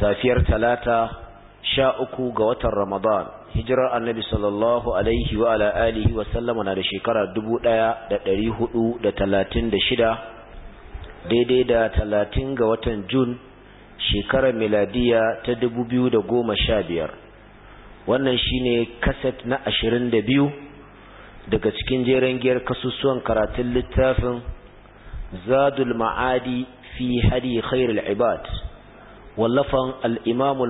safiyar talata sha uku ga watan ramadan hijirar annabi sallallahu alaihi wa ala alihi wa sallama na da shekara dubu ɗaya da ɗari hudu da talatin da shida daidai da talatin ga watan jun shekarar miladiya ta dubu biyu da goma sha biyar wannan shine kaset na ashirin da biyu daga cikin jeren giyar kasusuwan karatun littafin zadul ma'adi fi hadi khairul ibad wallafan al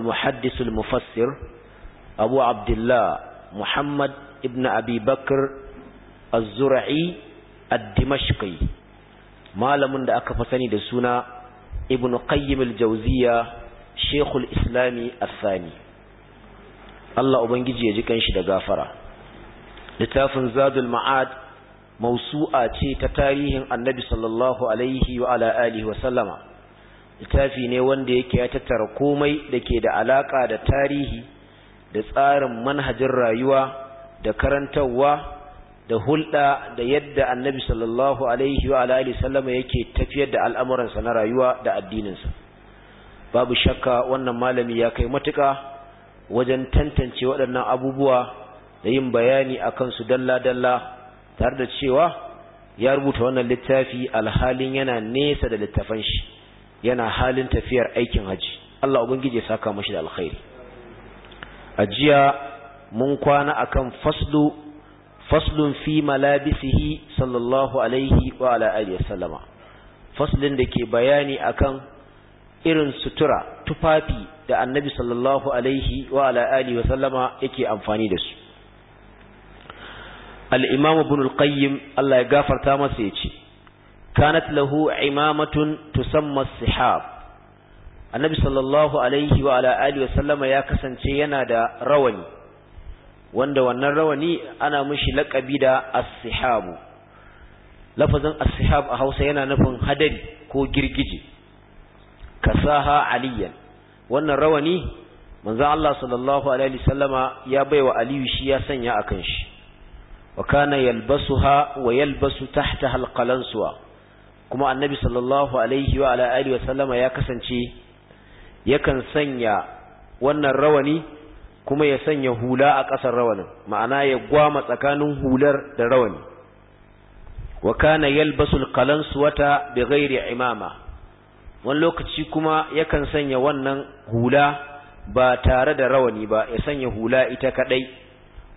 muhaddisul mufassir abu abdullah muhammad ibn abi bakr az-zur'i ad-dimashqi malamin da aka fa sani da suna ibn qayyim al-jawziya shaykhul islami ath-thani Allah ubangiji ya ji kanshi da gafara littafin zadul ma'ad mausu'a ce ta tarihin annabi sallallahu alaihi wa ala alihi wa sallama littafi ne wanda yake ya tattara komai da ke da alaƙa da tarihi da tsarin manhajin rayuwa da karantarwa da hulɗa da yadda annabi sallallahu alaihi wa alihi sallama yake tafiyar da al'amuransa na rayuwa da addininsa babu shakka wannan malami ya kai matuƙa wajen tantance waɗannan abubuwa da yin bayani a su dalla-dalla tare da cewa ya rubuta wannan littafi alhalin yana nesa da littafan shi yana halin tafiyar aikin haji Allah ubangiji ya saka mashi da alkhairi ajiya mun kwana akan faslu faslun fi malabisihi sallallahu alaihi wa ala alihi wasallama faslin da ke bayani akan irin sutura tufafi da annabi sallallahu alaihi wa ala alihi wasallama yake amfani da su al-imam ibn al-qayyim Allah ya gafarta masa yace kanat lahu imamatun tusamma sihab annabi sallallahu alaihi wa ala wa sallama ya kasance yana da rawani wanda wannan rawani ana mishi laƙabi da as-sihabu lafazin as a Hausa yana nufin hadari ko girgije kasaha aliyan wannan rawani manzon Allah sallallahu alaihi sallama ya baiwa Aliyu shi ya sanya akan shi wa yalbasuha wa yalbasu tahtaha al kuma annabi sallallahu alaihi wa wa sallama ya kasance yakan sanya wannan rawani kuma ya sanya hula a ƙasar rawani ma'ana ya gwama tsakanin hular da rawani wa kana yalbasul qalansu wata bighairi imama wani lokaci kuma yakan sanya wannan hula ba tare da rawani ba ya sanya hula ita kadai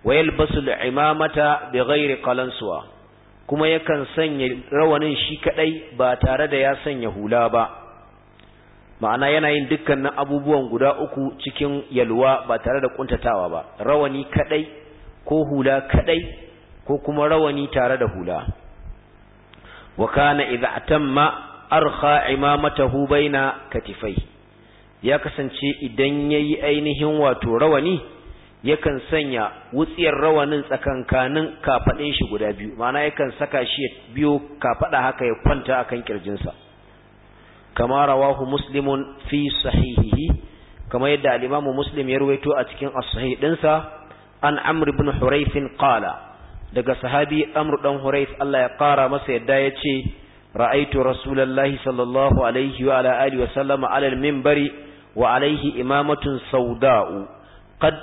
wa yalbasul imamata bighairi qalansuwa kuma yakan sanya rawanin shi kadai ba tare da ya sanya hula ba ma'ana yana yin dukkanin abubuwan guda uku cikin yalwa ba tare da kuntatawa ba rawani kadai ko hula kadai ko kuma rawani tare da hula wa kana idza atamma arkha imamatahu baina katifai ya kasance idan yayi ainihin wato rawani yakan sanya wutsiyar rawanin tsakankanin kafaɗin shi guda biyu ma'ana yakan saka shi biyo kafada haka ya kwanta akan kirjinsa kama rawahu muslimun fi sahihihi kama yadda al-imamu muslim ya ruwaito a cikin as-sahih sa an amr ibn hurayf qala daga sahabi amr dan hurayf Allah ya kara masa yadda yace ra'aytu rasulullahi sallallahu alaihi wa ala alihi wa sallama ala al-minbari wa alaihi imamatun sawda'u qad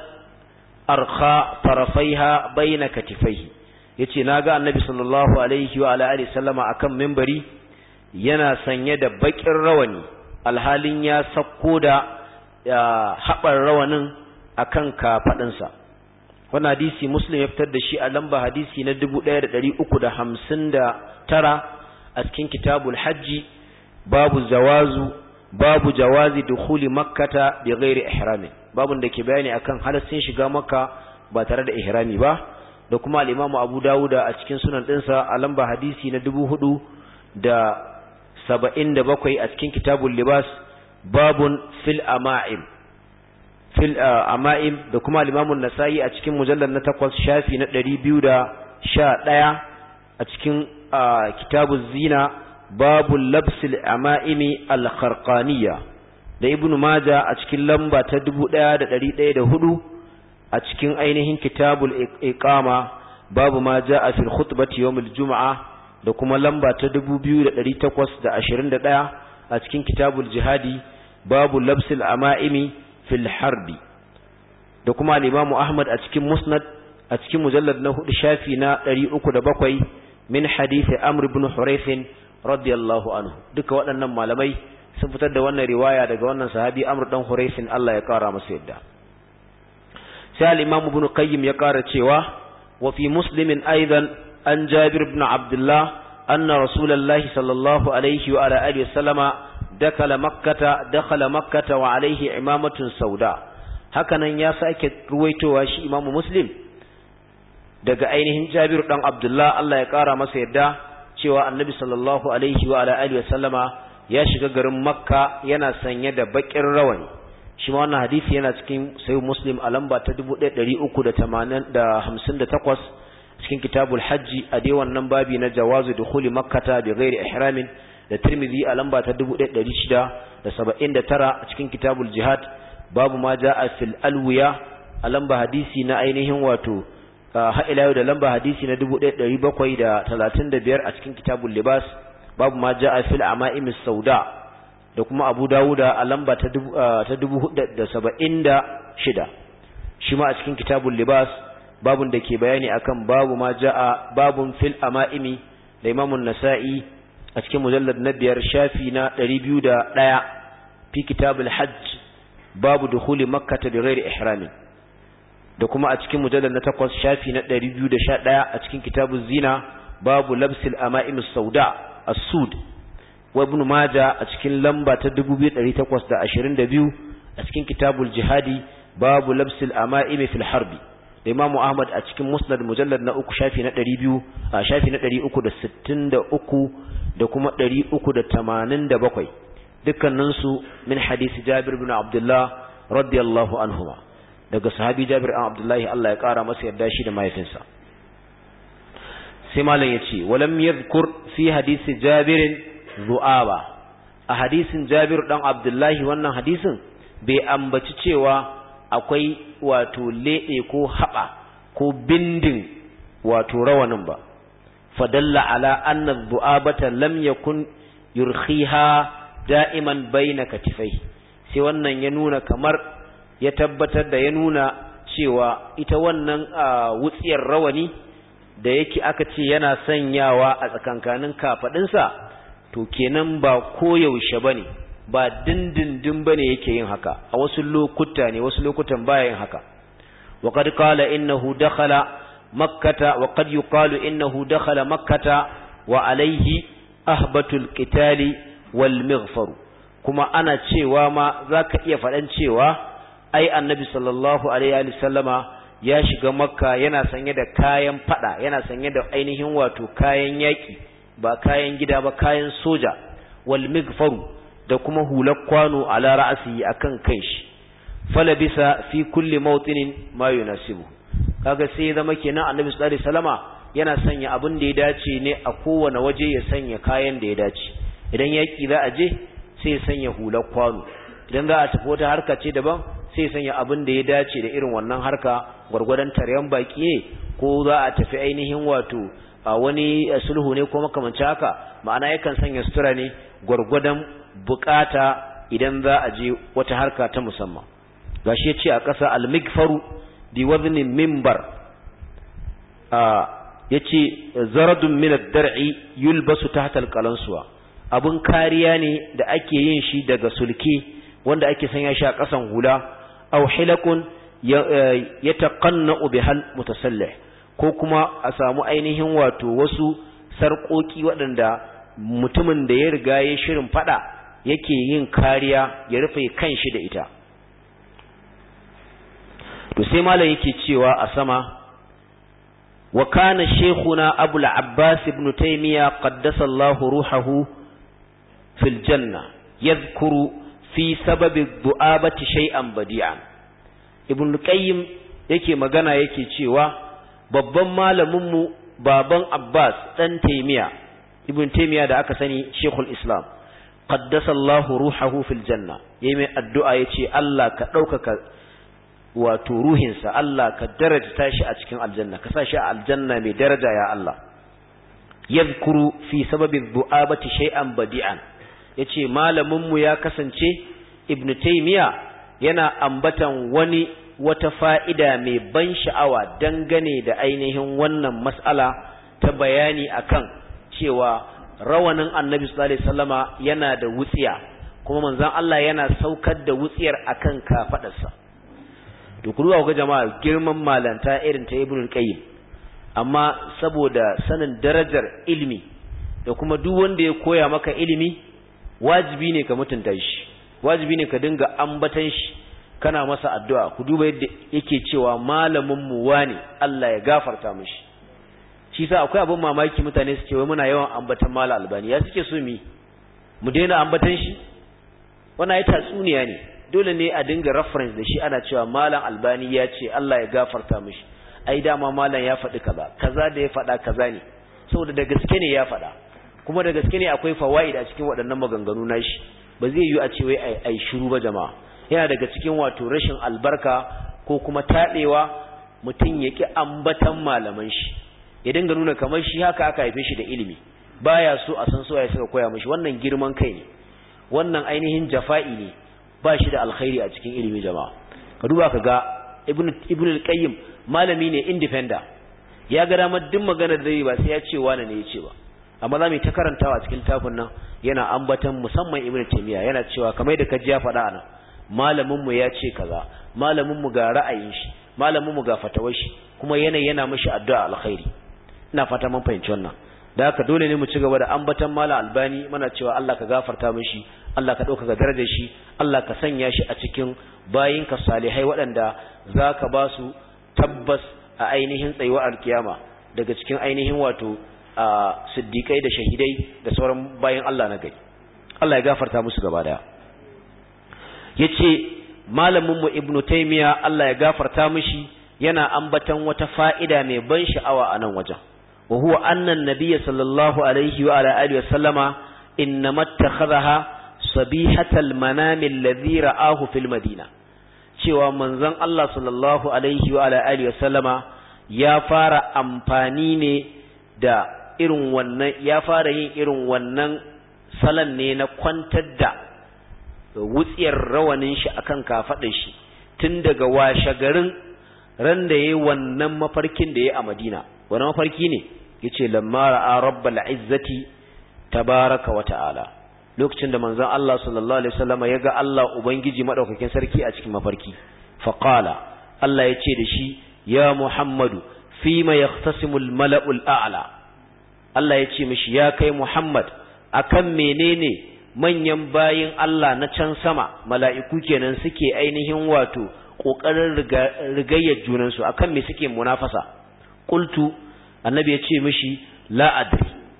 arqa tarafaiha baina katifaihi yace naga annabi sallallahu alaihi wa alihi sallama akan minbari yana sanye da bakin rawani alhalin ya sakko da haɓar rawanin akan kafaɗinsa wannan hadisi muslim ya fitar da shi a lamba hadisi na 1359 a cikin kitabul hajji babu zawazu babu jawazi dukhuli makkata bi ghairi ihramin babun da ke bayani akan halaccin shiga maka ba tare da ihrami ba da kuma al-imam abu Dawud a cikin sunan dinsa a lamba hadisi na 4000 da 77 a cikin kitabul libas babun fil ama'im fil ama'im da kuma al-imam nasai a cikin mujallal na 8 shafi na 211 a cikin kitabuz zina babul labsil ama'imi al-kharqaniyya da ibn maja a cikin lamba ta 1104 a cikin ainihin kitabul iqama babu ma a fil khutbati yawmil jumu'a da kuma lamba ta 2821 a cikin kitabul jihadi babu labsil ama'imi fil harbi da kuma al-imamu ahmad a cikin musnad a cikin mujallad na hudu shafi na 307 min hadisi amr ibn hurayf radiyallahu anhu duka waɗannan malamai sun fitar da wannan riwaya daga wannan sahabi amr dan huraisin Allah ya kara masa yadda sai al-imam ibn qayyim ya kara cewa wa fi muslimin aidan an jabir ibn abdullah anna rasulullahi sallallahu alaihi wa ala alihi wasallama dakala makkata dakala makkata wa alaihi imamatun sauda hakanan ya sake ruwaitowa shi imamu muslim daga ainihin jabiru dan abdullah Allah ya kara masa yadda cewa annabi sallallahu alaihi wa ala alihi Sallama. ya shiga garin makka yana sanye da bakin rawani shi ma wannan hadisi yana cikin sayi muslim a lamba ta 1358 cikin kitabul hajji a dai wannan babi na jawazu da dukhuli makkata bi ghairi ihramin da tirmidhi a lamba ta 1679 a cikin kitabul jihad babu ma jaa fil alwiya a lamba hadisi na ainihin wato ha ila da lamba hadisi na 1735 a cikin kitabul libas babu ma ja'a fil ama'im sauda da kuma Abu Dawuda a lamba ta dubu saba'in 476 shi ma a cikin kitabun libas babun da ke bayani akan babu ma ja'a babun fil ama'imi da Imam nasai a cikin mujallar na biyar shafi na biyu da ɗaya. fi kitabul hajj babu dukhuli makkah bi ghairi ihramin da kuma a cikin mujallar na takwas shafi na biyu da sha ɗaya a cikin kitabun zina babu labsil ama'im sauda as-sud wa ibn maja a cikin lamba ta 2822 a cikin kitabul jihadi babu labsil ama'im fil harbi da imam ahmad a cikin musnad mujallad na uku shafi na 200 a shafi na 363 da kuma 387 dukkanin su min hadisi jabir bin abdullah radiyallahu anhuma daga sahabi jabir bin abdullah Allah ya kara masa yarda shi da mahaifinsa sai malam ya ce walam yadhkur fi hadisi jabirin zu'aba a hadisin jabir dan abdullahi wannan hadisin bai ambaci cewa akwai wato leɗe ko haɓa ko bindin wato rawanin ba fadalla ala anna zu'abata lam yakun yurkhiha da'iman baina katifai sai wannan ya nuna kamar ya tabbatar da ya nuna cewa ita wannan ah, wutsiyar rawani da yake aka ce yana sanyawa a tsakankanin kafaɗinsa to kenan ba koyaushe ba ne ba dindindin ba ne yake yin haka a wasu lokuta ne wasu lokutan baya yin haka kad kala innahu dakhala makkata kad yuqalu innahu dakhala makkata wa alaihi ahbatul qitali wal mighfaru kuma ana cewa ma zaka iya faɗan cewa ai annabi sallallahu alaihi wa ya shiga makka yana sanye da kayan fada yana sanye da ainihin wato kayan yaƙi ba kayan gida ba kayan soja wal migfaru da kuma hular kwano ala ra'asi akan kan shi falabisa fi kulli mawtinin ma yunasibu kaga sai zama kenan annabi sallallahu alaihi yana sanya abin da ya dace ne a kowane waje ya sanya kayan da ya dace idan yaƙi za a je sai ya sanya hular kwano idan za a tafi wata harka ce daban sai sanya abin da ya dace da irin wannan harka gwargwadon taryan baki ne ko za a tafi ainihin wato a wani sulhu ne ko makamanci haka ma'ana yakan sanya sutura ne gwargwadon bukata idan za a je wata harka ta musamman gashi ya ce a ƙasa almigfaru di wazinin mimbar ya ce zaradun minar dar'i ta hatar kalansuwa. abun kariya ne da ake yin shi daga sulke wanda ake sanya shi a ƙasan hula aw hilakun yataqannu bihal mutasallih ko kuma a samu ainihin wato wasu sarkoki waɗanda mutumin da ya riga ya shirin fada yake yin kariya ya rufe kanshi da ita to sai malam yake cewa a sama wa kana shaykhuna abul abbas ibn taymiya qaddasa ruhahu fil janna yadhkuru fi sababi du'abati shay'an badi'a ibn qayyim yake magana yake cewa babban malamin mu baban abbas ɗan taymiya ibn taymiya da aka sani shaykhul islam qaddasallahu ruhahu fil janna yayi mai addu'a yace Allah ka ɗaukaka wato ruhinsa Allah ka daraja shi a cikin aljanna ka sa shi a aljanna mai daraja ya Allah yadhkuru fi sababi du'abati shay'an badi'an Ya ce malaminmu ya kasance Ibn Taimiya yana ambatan wani wata fa'ida mai ban sha'awa dangane da ainihin wannan matsala ta bayani akan cewa rawanin annabi sallallahu alaihi yana da wutsiya kuma manzan Allah yana saukar da wutsiyar akan kafadarsa to ku ga jama'a girman malanta irin ta ibn qayyim amma saboda sanin darajar ilimi da kuma duk wanda ya koya maka ilimi wajibi ne ka mutunta shi wajibi ne ka dinga ambatan shi kana masa addu'a ku duba yadda yake cewa malamin mu wane Allah ya gafarta mishi shi sa akwai abin mamaki mutane su ce wai muna yawan ambatan mala albani ya suke so mi mu daina ambatan shi wani ya tatsuniya ne dole ne a dinga reference da shi ana cewa malam albani ya ce Allah ya gafarta mishi ai dama malam ya faɗi kaza kaza da ya faɗa kaza ne saboda da gaske ne ya faɗa kuma da gaske ne akwai fawaida a cikin waɗannan maganganu nashi ba zai yi a ce wai ai shiru ba jama'a yana daga cikin wato rashin albarka ko kuma tadewa mutum ya ki ambatan malaman shi ya dinga nuna kamar shi haka aka haife shi da ilimi baya so a san ya saka koya mishi wannan girman kai ne wannan ainihin jafa'i ne ba shi da alkhairi a cikin ilimi jama'a ka duba ka ga ibnu ibnu al-qayyim malami ne independent ya ga damar duk maganar da ba sai ya ce wani ne ya ce ba amma za mu ta karantawa a cikin littafin nan yana ambaton musamman ibn taymiya yana cewa kamar da kaji ya faɗa anan malamin mu ya ce kaza malamin mu ga ra'ayin shi malamin mu ga fatawar shi kuma yana yana mishi addu'a alkhairi ina fata mun fahimci wannan da haka dole ne mu ci gaba da ambaton malam albani muna cewa Allah ka gafarta mishi Allah ka ga darajar shi Allah ka sanya shi a cikin bayinka salihai waɗanda za ka ba su tabbas a ainihin tsayuwar kiyama daga cikin ainihin wato siddiƙai da shahidai da sauran bayan Allah na gari Allah ya gafarta musu gaba daya Ya malamin mu ibnu taimiya Allah ya gafarta mushi yana ambatan wata fa'ida mai ban sha'awa a nan wajen wa huwa anna an sallallahu alaihi wa ala wa sallama innama takhadha sabihatal manam alladhi ra'ahu fil madina cewa manzon Allah sallallahu alaihi wa ala wa sallama ya fara amfani ne da irin wannan ya fara yin irin wannan salan ne na kwantar da wutsiyar rawanin shi akan kafaɗa shi tun daga washe garin ran da yayi wannan mafarkin da yayi a Madina wani mafarki ne yace lamma ra'a rabbal izzati tabaraka wa ta'ala lokacin da manzon Allah sallallahu alaihi wasallam ya ga Allah ubangiji madaukakin sarki a cikin mafarki faqala Allah yace da shi ya Muhammadu fima yaqtasimul mala'ul a'la Allah ya ce mishi ya kai Muhammad a akan menene manyan bayin Allah na can sama mala'iku kenan suke ainihin wato ƙoƙarin rigayyar junansu a kan me suke munafasa ƙultu annabi ya ce mishi la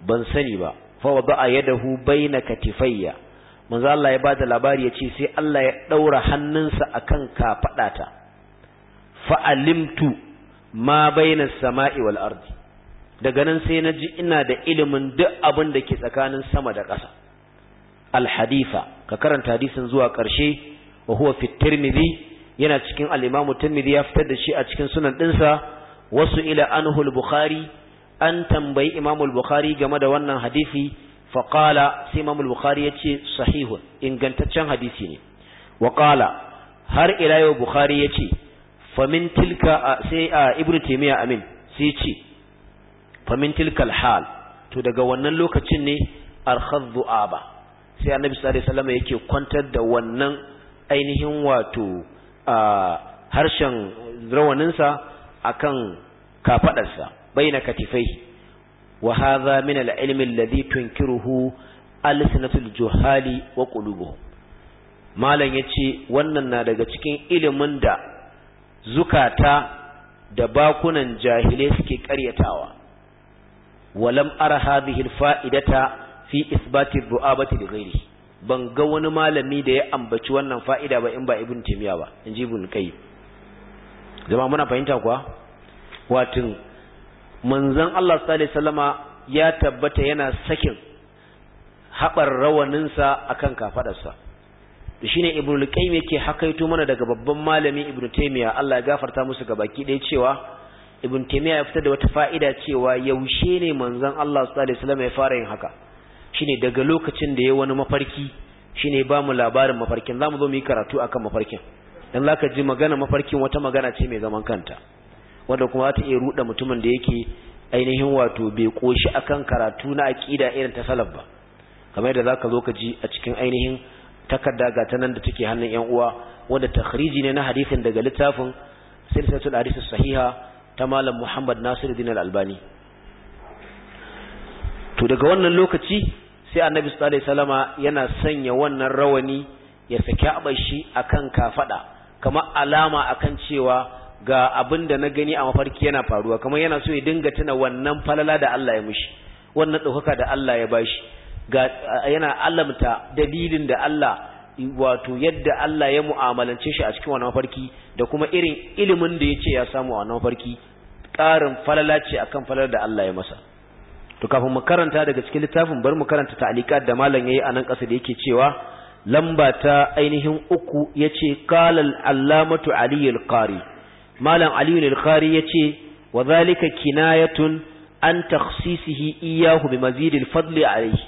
ban sani ba fawa fa wada yadahu na katifayya manzo Allah ya bada labari ya ce sai Allah ya ɗaura hannunsa akan kafadata fa Fa’alimtu ma bai na samai wal daga nan sai na ji ina da ilimin duk abin da ke tsakanin sama da ƙasa alhadifa ka karanta hadisin zuwa ƙarshe wa huwa fi tirmidhi yana cikin al-imamu tirmidhi ya fitar da shi a cikin sunan ɗinsa wasu ila anhu al-bukhari an tambayi imamu al-bukhari game da wannan hadisi fa qala sai imamu al-bukhari ce sahihun ingantaccen hadisi ne wa qala har ila yau bukhari yace fa min tilka sai ibnu taymiya amin sai ce famin tilkal hal to daga wannan lokacin ne arkhadhu aba sai annabi sallallahu alaihi yake kwantar da wannan ainihin wato harshen rawaninsa akan kafadarsa baina katifai wa hadha min al-ilmi alladhi tunkiruhu juhali wa qulubuhum malam yace wannan na daga cikin ilimin da zukata da bakunan jahilai suke karyatawa walam ara hadhihi alfa'idata fi isbati du'abati li ghairi ban ga wani malami da ya ambaci wannan fa'ida ba in ba ibn timiya ba ji ibn kai Zama muna fahimta kuwa watin manzon Allah sallallahu alaihi ya tabbata yana sakin haɓar rawaninsa akan kafadarsa shine ibn al-qayyim yake hakaito mana daga babban malami ibn taymiya Allah ya gafarta musu ga baki ɗaya cewa ibn taymiya ya fitar da wata fa'ida cewa yaushe ne manzon Allah sallallahu alaihi wasallam ya fara yin haka shine daga lokacin da ya wani mafarki shine ba mu labarin mafarkin zamu zo mu yi karatu akan mafarkin dan zaka ji magana mafarkin wata magana ce mai zaman kanta wanda kuma ta iya ruda mutumin da yake ainihin wato bai koshi akan karatu na aqida irin ta salaf ba kamar yadda zaka zo ka ji a cikin ainihin takarda ga ta nan da take hannun yan uwa wanda takhriji ne na hadisin daga littafin silsilatul hadisi sahiha ta malam Muhammad Nasiruddin Al-Albani to daga wannan lokaci sai Annabi sallallahu alaihi wasallama yana sanya wannan rawani ya saki abashi akan kafada kama alama akan cewa ga abinda na gani a mafarki yana faruwa kamar yana so ya dinga tuna wannan falala da Allah ya mishi wannan ɗaukaka da Allah ya bashi ga yana alamta dalilin da Allah wato yadda Allah ya mu'amalance shi a cikin wannan farki da kuma irin ilimin da yace ya samu a wannan farki ƙarin falala ce akan falalar da Allah ya masa to kafin mu karanta daga cikin littafin bar mu karanta ta'alika da malam yayi a nan ƙasa da yake cewa lamba ta ainihin uku yace qalal allamatu ali al-qari malam ali al-qari yace wa zalika kinayatun an takhsisihi iyyahu bi mazidil fadli alayhi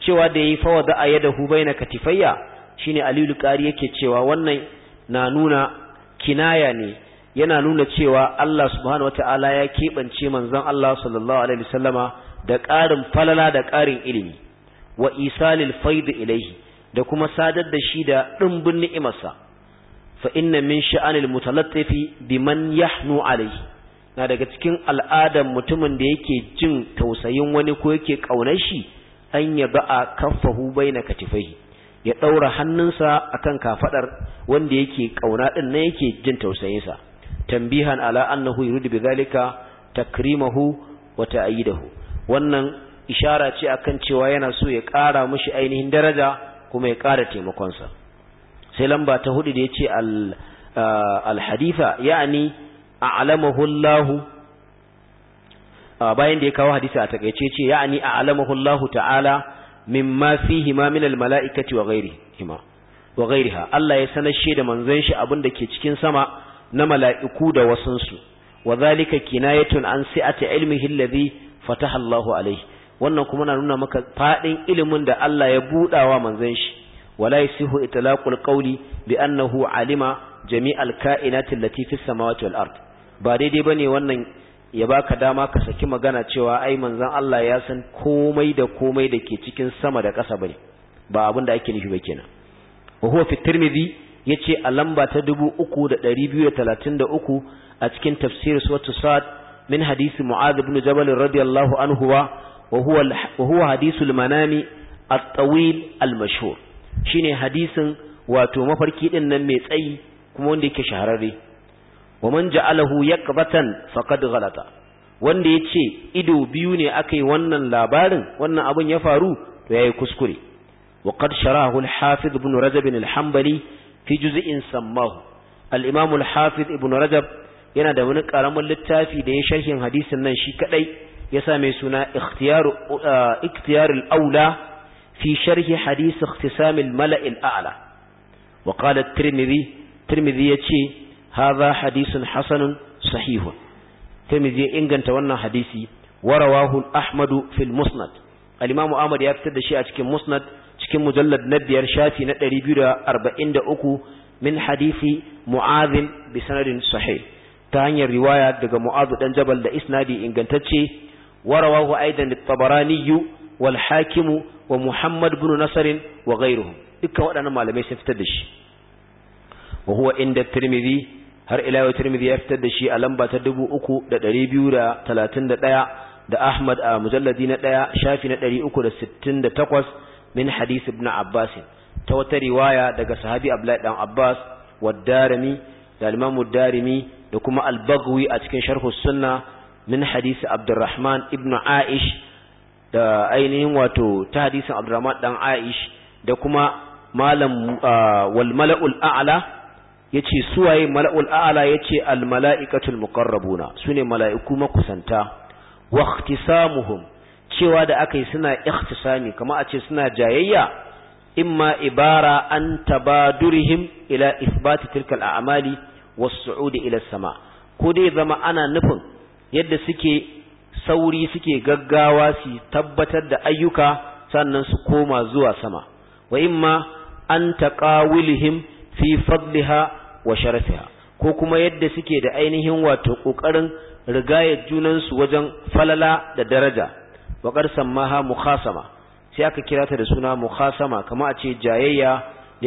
cewa da yayi fa wada ayadahu baina katifayya shine aliyu qari yake cewa wannan na nuna kinaya ne yana nuna cewa Allah subhanahu wataala ya keɓance manzon Allah sallallahu alaihi wasallama da ƙarin falala da ƙarin ilimi wa isalil faid ilaihi da kuma sadar da shi da ɗimbin ni'imarsa fa inna min sha'anil mutalattifi biman yahnu alaihi na daga cikin al'adar mutumin da yake jin tausayin wani ko yake ƙaunar shi an yaba a kaffahu baina katifai ya ɗaura hannunsa a kan kafaɗar wanda yake ƙauna ɗin na yake jin tausayinsa tambihan ala annahu yuridu wata takrimahu wa ta'yidahu wannan ishara ce a kan cewa yana so ya ƙara mashi ainihin daraja kuma ya ƙara taimakonsa sai lamba ta hudu da ya ce uh, alhaditha ya'ani a alamahullahu uh, bayan da ya kawo hadisa a takaice ce ya'ani a alamahullahu ta'ala mimma fihi ma min almalaikati wa ghairihima wa ghairiha Allah ya sanar shi da manzon shi abin da ke cikin sama na mala'iku da wasansu wa zalika kinayatun an si'ati ilmihi alladhi fataha Allahu alayhi wannan kuma na nuna maka fadin ilimin da Allah ya budawa manzon shi wala yasihu itlaqul qawli bi annahu alima jami'al kainati allati fis samawati wal ard ba daidai bane wannan ya baka dama ka saki magana cewa ai manzon Allah ya san komai da komai da ke cikin sama da ƙasa bane ba abin da ake nufi ba kenan wa huwa fi tirmidhi yace a lamba ta 3233 a cikin tafsir suratu sad min hadisi mu'adh ibn jabal radiyallahu anhu wa huwa wa huwa hadisul manami at-tawil al-mashhur shine hadisin wato mafarki din nan mai tsayi kuma wanda yake shahararre wa man ja'alahu yakbatan faqad ghalata wanda yace ido biyu ne akai wannan labarin wannan abun ya faru to yayi kuskure wa qad sharahu al-hafiz ibn rajab al-hanbali fi juz'in sammahu al-imam al-hafiz ibn rajab yana da wani karamin littafi da ya sharhin hadisin nan shi kadai ya sa mai suna ikhtiyaru uh, ikhtiyarul aula fi sharhi hadis ikhtisam al-mala' al-a'la wa qala at-tirmidhi tirmidhi yace hadha hadisin Hassanun Sahihu tirmidhi ya inganta wannan hadisi warawahu rawahu ahmadu fil musnad al-imam ahmad ya fitar da shi a cikin musnad cikin mujallad na biyar shafi na 243 min hadisi mu'adh bi sanadin sahih ta hanyar riwaya daga mu'adh dan jabal da isnadi ingantacce warawahu rawahu aidan at-tabarani wal hakim wa muhammad ibn nasr wa ghayruhum dukkan waɗannan malamai sun fitar da shi wa huwa inda tirmidhi har ila yau Tirmidhi ya fitar da shi a lamba ta 3231 da Ahmad a mujalladi na 1 shafi na 368 min hadith ibn Abbas ta wata riwaya daga sahabi Abdullah dan Abbas wad-Darimi da Imam darimi da kuma Al-Baghawi a cikin Sharh sunna min hadith Abdurrahman ibn Aish da ainihin wato ta hadisin Abdurrahman dan Aish da kuma malam ah, wal mala'ul a'la yace suwaye mala'ul a'la yace al mala'ikatul su sune mala'iku makusanta wa ikhtisamuhum cewa da aka yi suna ikhtisami kama a ce suna jayayya imma ibara an tabadurihim ila isbati tilkal a'mali was ila sama ko dai zama ana nufin yadda suke sauri suke gaggawa su tabbatar da ayyuka sannan su koma zuwa sama wa imma an taqawilihim fi fadliha wa sharafiha ko kuma yadda suke da ainihin wato kokarin rigayar junansu wajen falala da daraja wa qarsan maha mukhasama sai aka kira ta da suna mukhasama kama a ce jayayya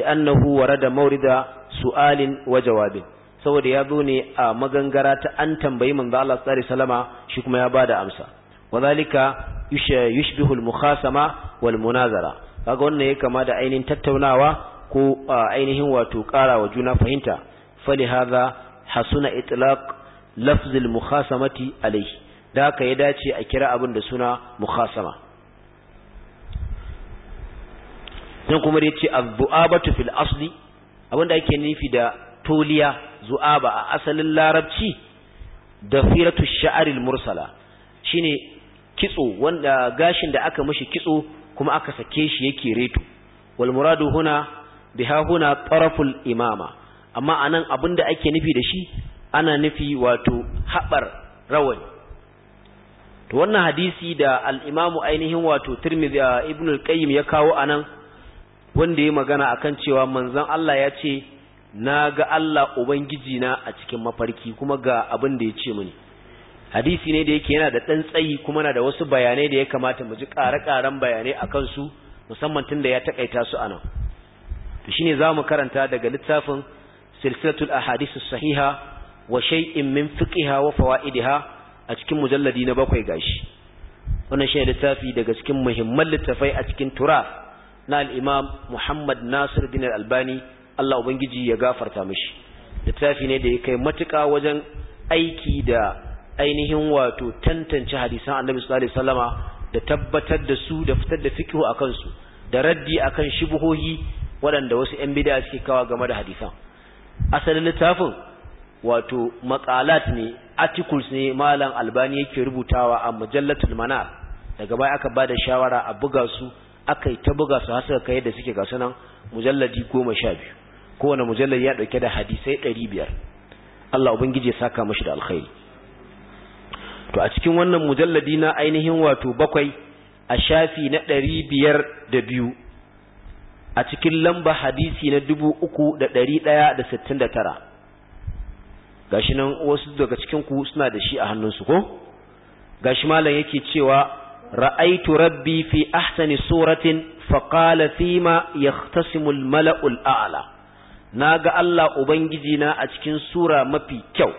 annahu warada maurida su'alin wa jawabin saboda ya zo ne a magangara ta an tambayi manzo Allah sallallahu alaihi wasallama shi kuma ya bada amsa wadhalika yushbihu al-mukhasama wal munazara kaga wannan ya kama da ainihin tattaunawa ko ainihin wato ƙara wa juna fahimta fali haza hasuna itlaq lafzil mukhasamati alayhi da haka ya dace a kira abin da suna mukhasama Dan kuma ya ce az fil asli abinda ake nufi da toliya zu'aba a asalin larabci da firatu sha'aril mursala shine kitso wanda gashin da aka mashi kitso kuma aka sake shi yake reto wal muradu huna biha huna taraful imama amma anan abinda ake nufi da shi ana nufi wato haɓar rawani to wannan hadisi da al-imamu ainihin wato tirmidhi ibn al-qayyim ya kawo anan wanda ya magana akan cewa manzon Allah ya ce na ga Allah ubangiji na a cikin mafarki kuma ga abin da ya ce mini hadisi ne da yake yana da ɗan tsayi kuma na da wasu bayanai da ya kamata mu ji ƙare-ƙaren bayanai akan su musamman tunda ya takaita su anan. to shine zamu karanta daga littafin silsilatul ahadith sahiha wa shay'in min fiqhiha wa fawaidiha a cikin mujalladi na bakwai gashi wannan shine littafi daga cikin muhimman littafai a cikin tura na al-imam Muhammad Nasir bin al-Albani Allah ubangiji ya gafarta mishi littafi ne da ya kai matuƙa wajen aiki da ainihin wato tantance hadisan Annabi sallallahu alaihi wasallama da tabbatar da su da fitar da fikihu a kansu da raddi akan shubuhohi waɗanda wasu 'yan bida suke kawa game da hadisan asalin littafin wato makalat ne articles ne malam albani yake rubutawa a majallatul manar daga baya aka bada shawara a buga su aka yi ta buga su hasa kai da suke gasu nan mujalladi goma sha biyu kowane mujallar ya ɗauke da hadisai ɗari biyar Allah ubangiji ya saka mashi da alkhairi to a cikin wannan mujalladi na ainihin wato bakwai a shafi na ɗari biyar da biyu a cikin lamba hadisi na dubu uku da da 3169 gashi nan wasu daga cikinku suna da shi a hannunsu ko gashi malam yake cewa ra'aitu rabbi fi ahsani suratin faqala fima yahtasimu al-mala'u ala naga Allah ubangiji na a cikin sura mafi kyau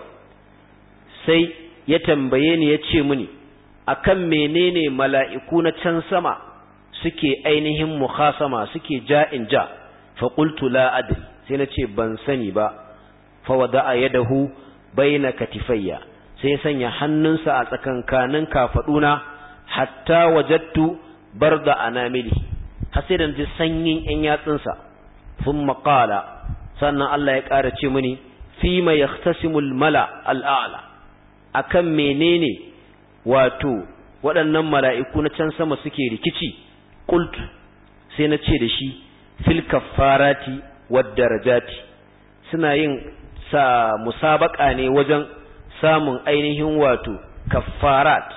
sai ya tambaye ni ya ce mini akan menene mala'iku na can sama suke ainihin mukhasama suke ja'in ja fa qultu la adri sai na ce ban sani ba fa wada'a yadahu baina katifayya sai sanya hannunsa a tsakankanin kafaduna hatta wajadtu barda anamili har sai da ji sanyin yan yatsunsa thumma qala sannan Allah ya ƙara ce mini fima yahtasimul mala al'ala akan menene wato waɗannan mala'iku na can sama suke rikici qultu sai na ce da shi fil kaffarati wad darajati suna yin sa musabaka ne wajen samun ainihin wato kaffarat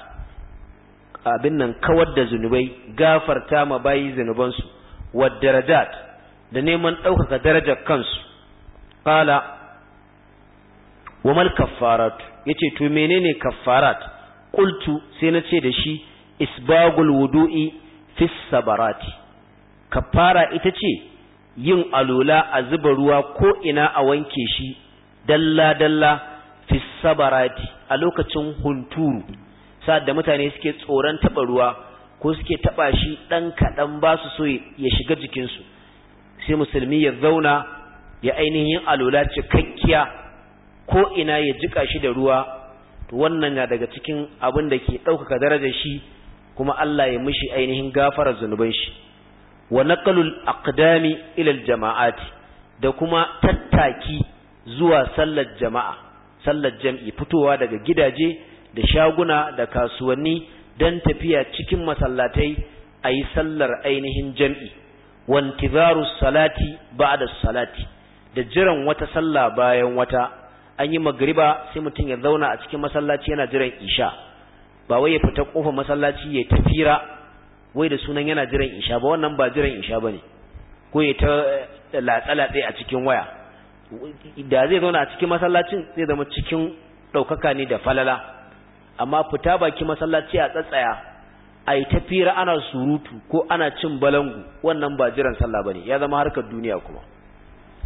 abin nan kawar da zunubai gafarta ma bayi zunubansu wad darajat da neman ɗaukaka darajar kansu kala wa mal kaffarat yace to menene kaffarat qultu sai na ce da shi isbagul wudu'i fissabarati kafara ita ce yin alula a zuba ruwa ko ina a wanke shi dalla dalla fissabarati a lokacin hunturu sa'ad da mutane suke tsoron taɓa ruwa ko suke taɓa shi dan kaɗan ba su so ya shiga jikinsu. sai musulmi ya zauna ya ainihin alula cikakkiya ko ina ya jika shi da ruwa to wannan na daga cikin abin da ke ɗaukaka darajar shi kuma Allah ya mishi ainihin gafara zunuban shi wa naqalul aqdami ila jama'ati da kuma tattaki zuwa sallar jama'a sallar jam'i fitowa daga gidaje da shaguna da kasuwanni dan tafiya cikin masallatai ayi sallar ainihin jam'i wantizaru salati ba'da salati da jiran wata sallah bayan wata an yi magriba sai mutum ya zauna a cikin masallaci yana jiran isha ba wai ya fita kofar masallaci ya tafira wai da sunan yana jiran isha ba wannan ba jiran isha bane ko ya ta eh, latsa a cikin waya da zai zauna a cikin masallacin zai zama cikin ɗaukaka ne da falala amma fita baki masallaci a tsatsaya a yi tafira ana surutu ko ana cin balangu wannan ba jiran sallah bane ya zama harkar duniya kuma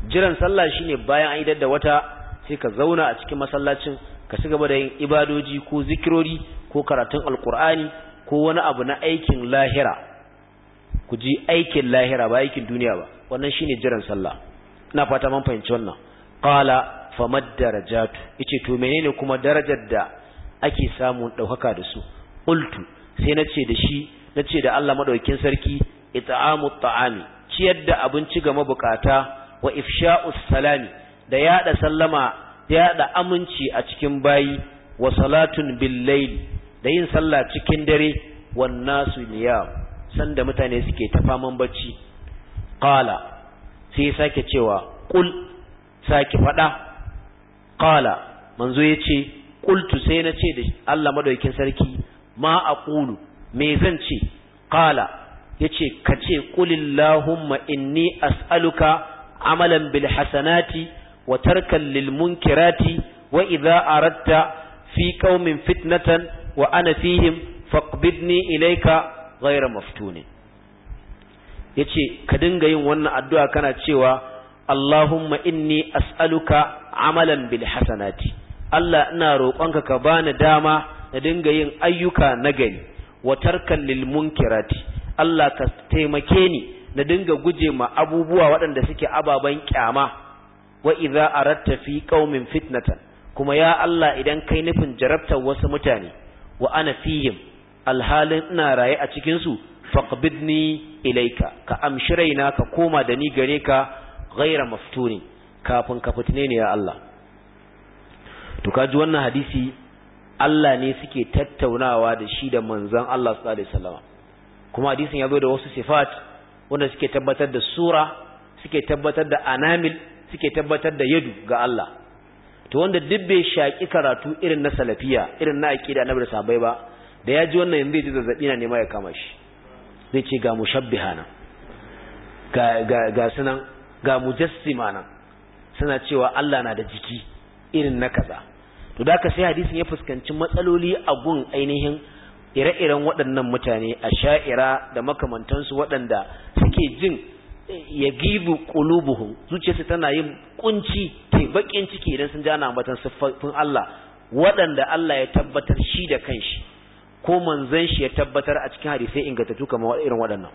jiran sallah shine bayan an idar da wata sai ka zauna a cikin masallacin ka ci gaba da yin ibadoji ko zikirori ko karatun alkur'ani ko wani abu na aikin lahira ku ji aikin lahira ba aikin duniya ba wannan shine jiran sallah ina fata mun fahimci wannan qala famad darajatu yace to menene kuma darajar da ake samu daukaka da su qultu sai nace da shi nace da Allah madaukakin sarki it'amu ta'ami ciyar da abinci ga mabukata wa ifsha'us salami da yada sallama da yada aminci a cikin bayi wa salatun bil da yin sallah cikin dare wan su niyam sanda mutane suke ta faman bacci qala sai sake cewa qul sake fada qala manzo yace qultu sai na ce da Allah madaukin sarki ma aqulu me zan ce qala yace kace qulillahumma inni as'aluka amalan bil hasanati wa tarkan lil munkirati wa idza aradta fi qaumin fitnatan wa ana fihim faqbidni ilayka ghayra maftuni yace ka dinga yin wannan addu'a kana cewa Allahumma inni as'aluka amalan bilhassanati. Allah ina roƙonka ka bani dama na dinga yin ayyuka nagari wa tarkan lil kirati. Allah ka taimake ni na dinga guje ma abubuwa waɗanda suke ababen ƙyama wa a aratta fi qaumin fitnatan kuma ya Allah idan kai nufin jarabtar wasu mutane wa ana fiyin alhalin ina raye a cikin su faqbidni ilaika, ka amshi raina ka koma da ni gare ka ghaira maftuni kafin ka fitine ne ya Allah to kaji wannan hadisi Allah ne suke tattaunawa da shi da manzon Allah sallallahu alaihi wasallam kuma hadisin ya zo da wasu sifat wanda suke tabbatar da sura suke tabbatar da anamil suke tabbatar da yadu ga Allah to wanda duk bai shaki karatu irin na salafiya irin na aqida na bar sabai ba da ya ji wannan yanzu ji zazzabi na nema ya kama shi zai ce ga mushabbihana ga ga ga sunan ga mujassimana suna cewa Allah na da jiki irin na kaza to da ka sai hadisin ya fuskanci matsaloli a gun ainihin ire-iren waɗannan mutane a sha'ira da makamantansu waɗanda suke jin ya gibu qulubuhum zuciyarsu tana yin kunci ke bakin ciki idan sun jana matan siffofin Allah waɗanda Allah ya tabbatar shi da kanshi ko manzon shi ya tabbatar a cikin hadisai ingantattu kamar irin waɗannan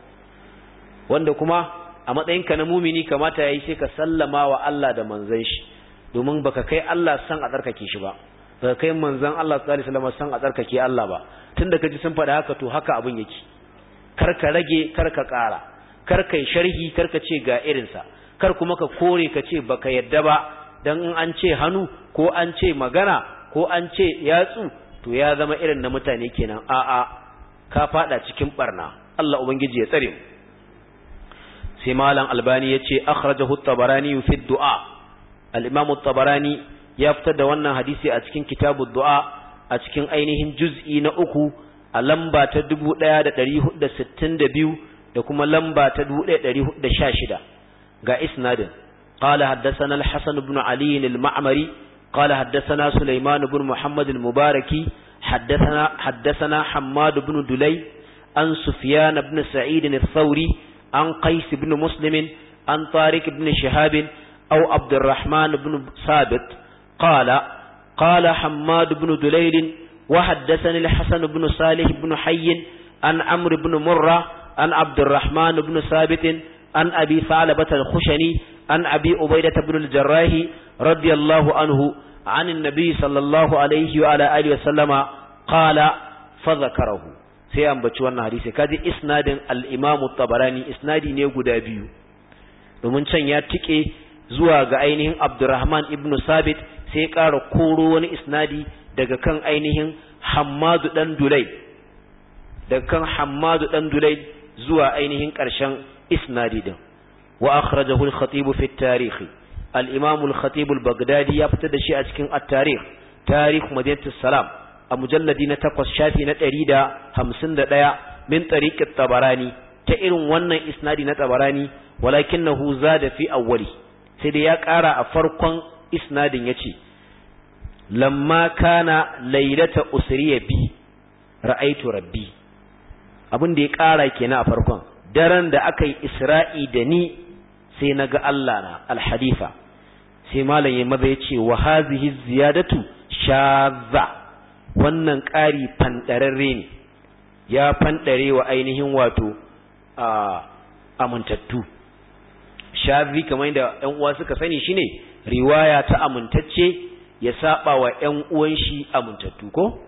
wanda kuma a matsayin ka na mumini kamata ya yi sai ka sallama wa Allah da manzon shi domin baka kai Allah san a tsarkake shi ba baka kai manzon Allah sallallahu alaihi wasallam san a tsarkake Allah ba tunda ji sun faɗa haka to haka abin yake kar ka rage kar ka ƙara kar kai sharhi kar ka ce ga irinsa kar kuma ka kore ka ce baka yadda ba dan in an ce hannu ko an ce magana ko an ce yatsu to ya zama irin na mutane kenan a'a ka fada cikin barna Allah ubangiji ya tsare sai malam albani yace akhrajahu at-tabarani fi dua al-imam at-tabarani ya fitar da wannan hadisi a cikin kitabu du'a a cikin ainihin juz'i na uku a lamba ta 1462 da kuma lamba ta 1416 ga isnadin قال حدثنا الحسن بن علي المعمري قال حدثنا سليمان بن محمد المباركي حدثنا حدثنا حماد بن دلي عن سفيان بن سعيد الثوري عن قيس بن مسلم عن طارق بن شهاب أو عبد الرحمن بن ثابت قال قال حماد بن دليل وحدثني الحسن بن صالح بن حي عن عمرو بن مرة an abdurrahman ibn sabit an abi salabata al-khushani an abi ubaidah ibn al-jarrah radiyallahu anhu عن النبي صلى الله عليه وعلى آله وسلم قال فذكره sai an ambaci wannan hadisi kaji isnadin al-Imam tabarani isnadi ne guda biyu domin can ya tike zuwa ga ainihin Abdurrahman ibn Sabit sai ƙara koro wani isnadi daga kan ainihin Hamadu dan Dulay daga kan Hamadu dan Dulay zuwa ainihin ƙarshen isnadi din wa akhrajahu al-khatib fi at-tarikh al-imam al-khatib al-baghdadi ya fita da shi a cikin at-tarikh tarikh salam a mujalladi na 8 shafi na 151 min tariq at-tabarani ta irin wannan isnadi na tabarani walakinahu zada fi awwali sai dai ya ƙara a farkon isnadin yace lamma kana laylata usriya bi ra'aytu rabbi abin da ya ƙara kenan a farkon daren da aka yi isra'i da ni sai na ga Allah na alhadifa sai malam ya maza ya ce wa hazihi ziyadatu za wannan ƙari fanɗararre ne ya fanɗare wa ainihin wato a amintattu shazi kamar yadda ƴan uwa suka sani shine riwaya ta amintacce ya saba wa ƴan uwan shi amintattu ko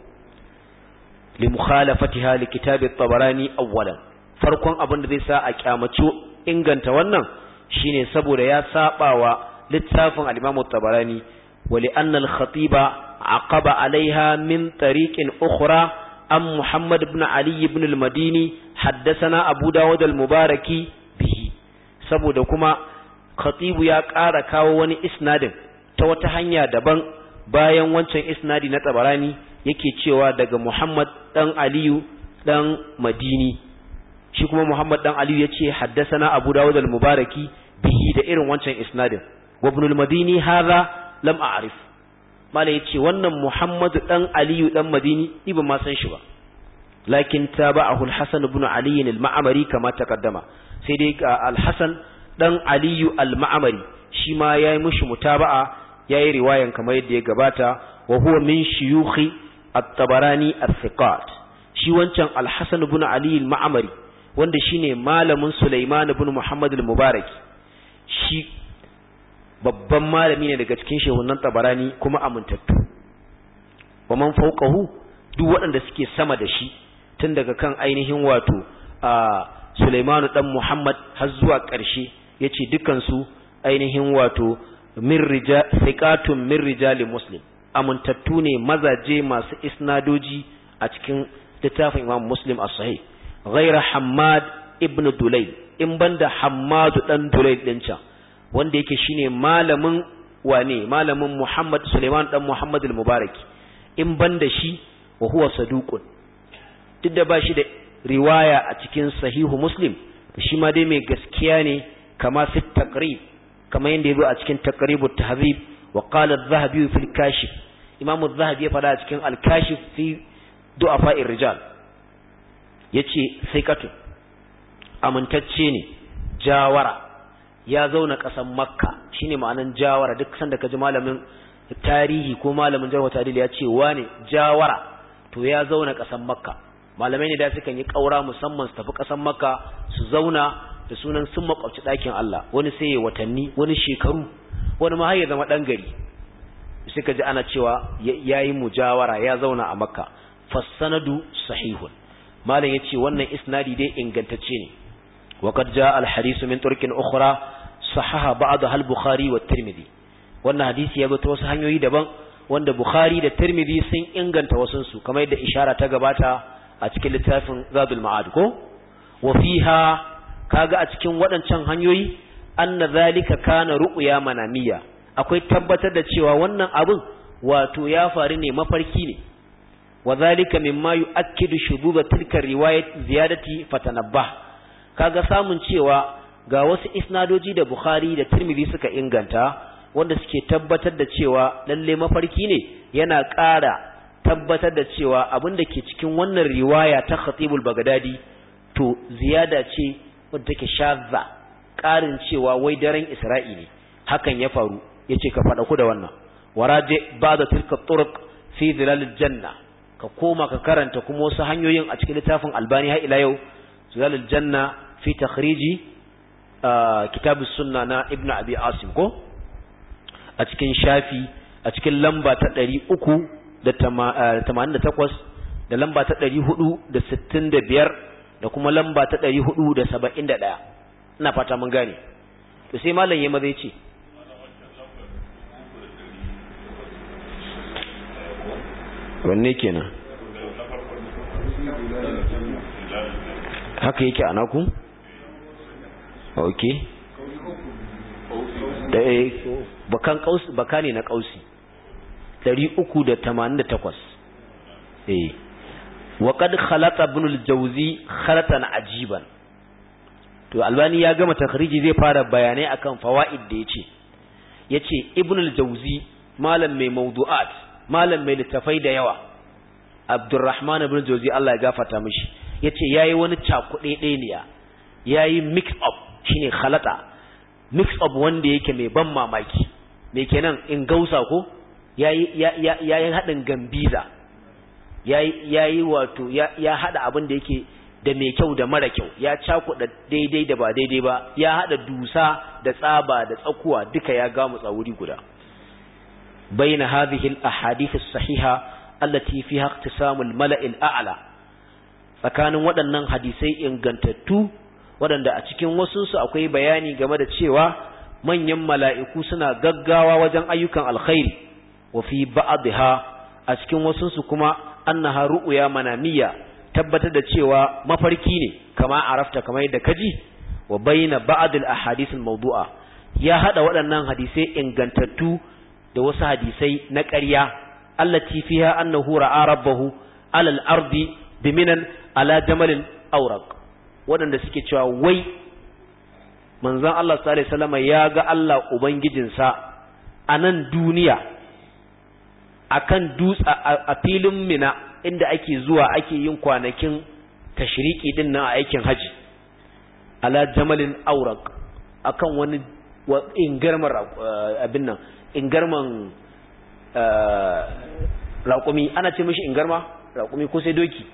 li mukhalafatiha li kitab at-tabarani awwalan farkon abin da zai sa a kyamaci inganta wannan shine saboda ya sabawa littafin al-imam at-tabarani wa li anna al-khatiba aqaba alaiha min tariqin ukhra am muhammad ibn ali ibn al-madini haddathana abu dawud al-mubaraki bihi saboda kuma khatibu ya ƙara kawo wani isnadin ta wata hanya daban bayan wancan isnadi na tabarani yake cewa daga Muhammad dan Aliyu dan Madini shi kuma Muhammad dan Aliyu yace haddasana Abu Dawud al-Mubaraki bihi da irin wancan isnadin wa ibn al-Madini hadha lam a'rif malai yace wannan Muhammad ɗan Aliyu dan Madini ni ban ma san shi ba lakin tabahu al-Hasan ibn Ali al-Ma'mari kama takaddama sai dai al-Hasan ɗan Aliyu al-Ma'mari shi ma yayi mushi mutaba'a yayi riwayan kamar yadda ya gabata wa huwa min shuyukhi at-tabarani as-siqat shi wancan al-hasan ibn ali al-ma'mari wanda shine malamin sulaiman ibn muhammad al-mubarak shi babban malami ne daga cikin shehunan tabarani kuma amintattu wa man fawqahu duk waɗanda suke sama da shi tun daga kan ainihin wato a Sulaimanu dan Muhammad har zuwa ƙarshe yace dukansu ainihin wato min rija thiqatun min muslim amintattu ne mazaje masu isnadoji a cikin littafin Imam Muslim a sahih ghaira Hammad ibn dulay in banda Hammad dan dulay din can wanda yake shine malamin wane malamin Muhammad Suleiman dan Muhammad al-Mubarak in banda shi wa huwa saduqun duk da bashi da riwaya a cikin sahihu Muslim shi ma dai mai gaskiya ne kama fit taqrib kama yanda yazo a cikin taqribut tahzib wa qala adh-dhahabi fi al-kashif imam adh-dhahabi ya fada cikin al-kashif fi du'afa ar-rijal yace thiqatu amintacce ne jawara ya zauna kasan makka shine ma'anan jawara duk sanda ji malamin tarihi ko malamin jarwa tarihi ya ce wane jawara to ya zauna kasan makka malamai ne da sukan yi kaura musamman su tafi kasan makka su zauna da sunan sun makwabci ɗakin Allah wani sai ya watanni wani shekaru wani ma har ya zama dan gari suka ji ana cewa yi mujawara ya zauna a makka fassanadu sahihun malam ya ce wannan isnadi dai ingantacce ne وقد جاء الحديث من طرق أخرى صححها Bukhari wa والترمذي wannan hadisi ya ta wasu hanyoyi daban wanda Bukhari da Tirmidhi sun inganta wasunsu kamar yadda ishara ta gabata a cikin littafin Zadul Ma'ad ko wa fiha kaga a cikin waɗancan hanyoyi anna zalika kana ru'ya manamiya akwai tabbatar da cewa wannan abun wato ya faru ne mafarki ne wa zalika mimma yu'akkidu shububa tilka riwayat ziyadati fatanabba kaga samun cewa ga wasu isnadoji da Bukhari da Tirmidhi suka inganta wanda suke tabbatar da cewa lalle mafarki ne yana ƙara tabbatar da cewa abin da ke cikin wannan riwaya ta Khatibul bagdadi to ziyada ce wadda take shazza ƙarin cewa wai daren Isra'ili hakan ya faru ya ce ka faɗa ku da wannan waraje ba da tilka turk fi zilalil janna ka koma ka karanta kuma wasu hanyoyin a cikin littafin albani har ila yau zilalil janna fi takhriji kitabus sunna na ibn abi asim ko a cikin shafi a cikin lamba ta 88 da lamba ta 465 da kuma lamba ta 471 na fata mun gane to sai malam ya maza ce wanne kenan haka yake a naku ok eh, bakan kausi baka ne na kausi 388 eh wa kad khalata ibn al-jawzi khalatan ajiban to albani ya gama takhriji zai fara bayanai akan fawaid da yace yace ibn al-jawzi malam mai mawdu'at malam mai littafai da yawa abdurrahman ibn jawzi Allah ya gafarta mishi yace yayi wani chakude ɗeniya yayi mix up shine khalata mix up wanda yake mai ban mamaki me kenan in gausa ko yayi yayi hadin gambiza yayi yayi wato ya hada abin da yake da mai kyau da mara kyau ya cakuɗa daidai da ba daidai ba ya haɗa dusa da tsaba da tsakuwa duka ya gamu tsawuri guda baina hadhihi al-ahadith as-sahiha allati fiha iqtisamul mala'il a'la tsakanin waɗannan hadisai ingantattu waɗanda a cikin wasu akwai bayani game da cewa manyan mala'iku suna gaggawa wajen ayyukan alkhairi wa fi ba'dha a cikin wasu su kuma annaha ru'ya manamiya tabbatar da cewa mafarki ne kama arafta kamar yadda kaji wa bayyana ba'adul a ahadith maudu'a ya hada waɗannan hadisai ingantattu da wasu hadisai na ƙarya allati fiha annahu ra'a rabbahu alal al ardi biminan ala jamalin aurak waɗanda suke cewa wai manzon Allah sallallahu ya ga Allah ubangijinsa a nan duniya kan dutsa a filin mina inda ake zuwa ake yin kwanakin tashriki din na a aikin haji ala jamalin aurak akan wani ingarmar eh, abin nan ingarman eh, raƙumi ana ce mishi ingarma raƙumi ko sai doki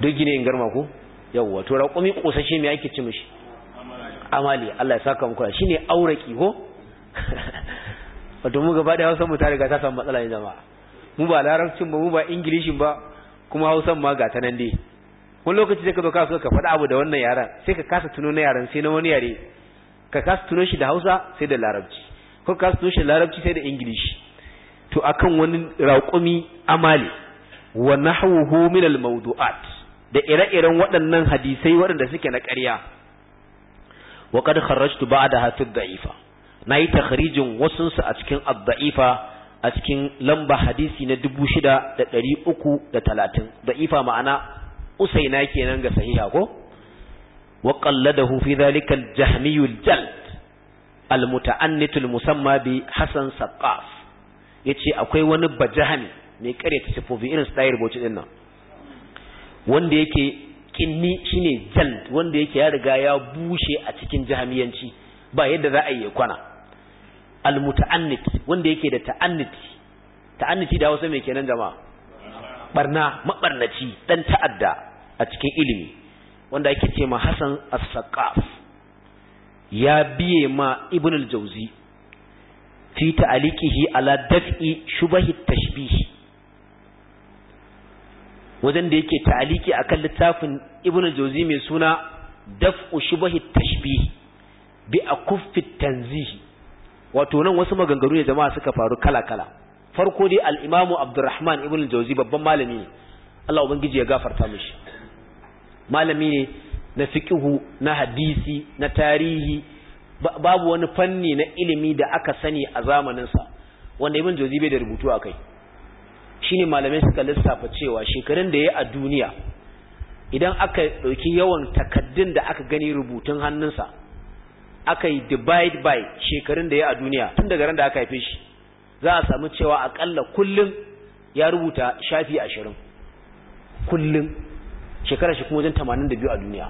doki ne ingarma ko yawwa to raƙumi kusashe me ake ce mishi amali Allah ya saka muku shine auraki ko wato mu gaba da Hausa mu ta riga ta samu matsala ne jama'a mu ba larabcin ba mu ba ingilishin ba kuma hausan ma ga ta nan dai wani lokaci sai ka zo ka so ka faɗa abu da wannan yaran sai ka kasa tuno na yaran sai na wani yare ka kasa tuno shi da hausa sai da larabci ko ka kasa tuno shi da larabci sai da ingilishi to akan wani raƙumi amali wa nahwuhu min al mawdu'at da ire-iren waɗannan hadisai waɗanda suke na ƙarya wa qad kharajtu ba'daha tud da'ifa nayi takhrijin wasunsu a cikin ad-da'ifa a cikin lamba hadisi na dubu shida da ɗari uku da talatin da ifa ma'ana usaina kenan ga sahiha ko wa qalladahu fi dhalika al-jahmiyu al-jald al-muta'annit al bi Hassan Saqaf yace akwai wani jahami mai kare ta sifofi irin style boci din nan wanda yake kinni shine jald wanda yake ya riga ya bushe a cikin jahamiyanci ba yadda za a yi kwana almuta'annit wanda yake da ta'annati ta'anniti da Hausa mai kenan jama'a barna mabarnaci dan ta'adda a cikin ilimi wanda yake ce ma Hassan as-Saqaf ya biye ma Ibn al-Jawzi fi ta'liqihi ala daf'i shubahi tashbih wajen da yake ta'liqi akan littafin Ibn al-Jawzi mai suna daf'u shubahi tashbih bi akuffi tanzihi wato nan wasu maganganu ne jama'a suka faru kala kala farko dai al Abdulrahman Abdurrahman ibn al babban malami ne Allah ubangiji ya gafarta mishi malami ne na fiqhu na hadisi na tarihi babu wani fanni na ilimi da aka sani a zamanin sa wanda ibn Jawzi bai da rubutu akai shine malamai suka lissafa cewa shekarun da ya a duniya idan aka dauki yawan takaddun da aka gani rubutun hannunsa aka yi divide by shekarun da ya a duniya tun daga ran da aka haife shi za a samu cewa akalla kullum ya rubuta shafi ashirin kullum shekarar shi kuma wajen tamanin da biyu a duniya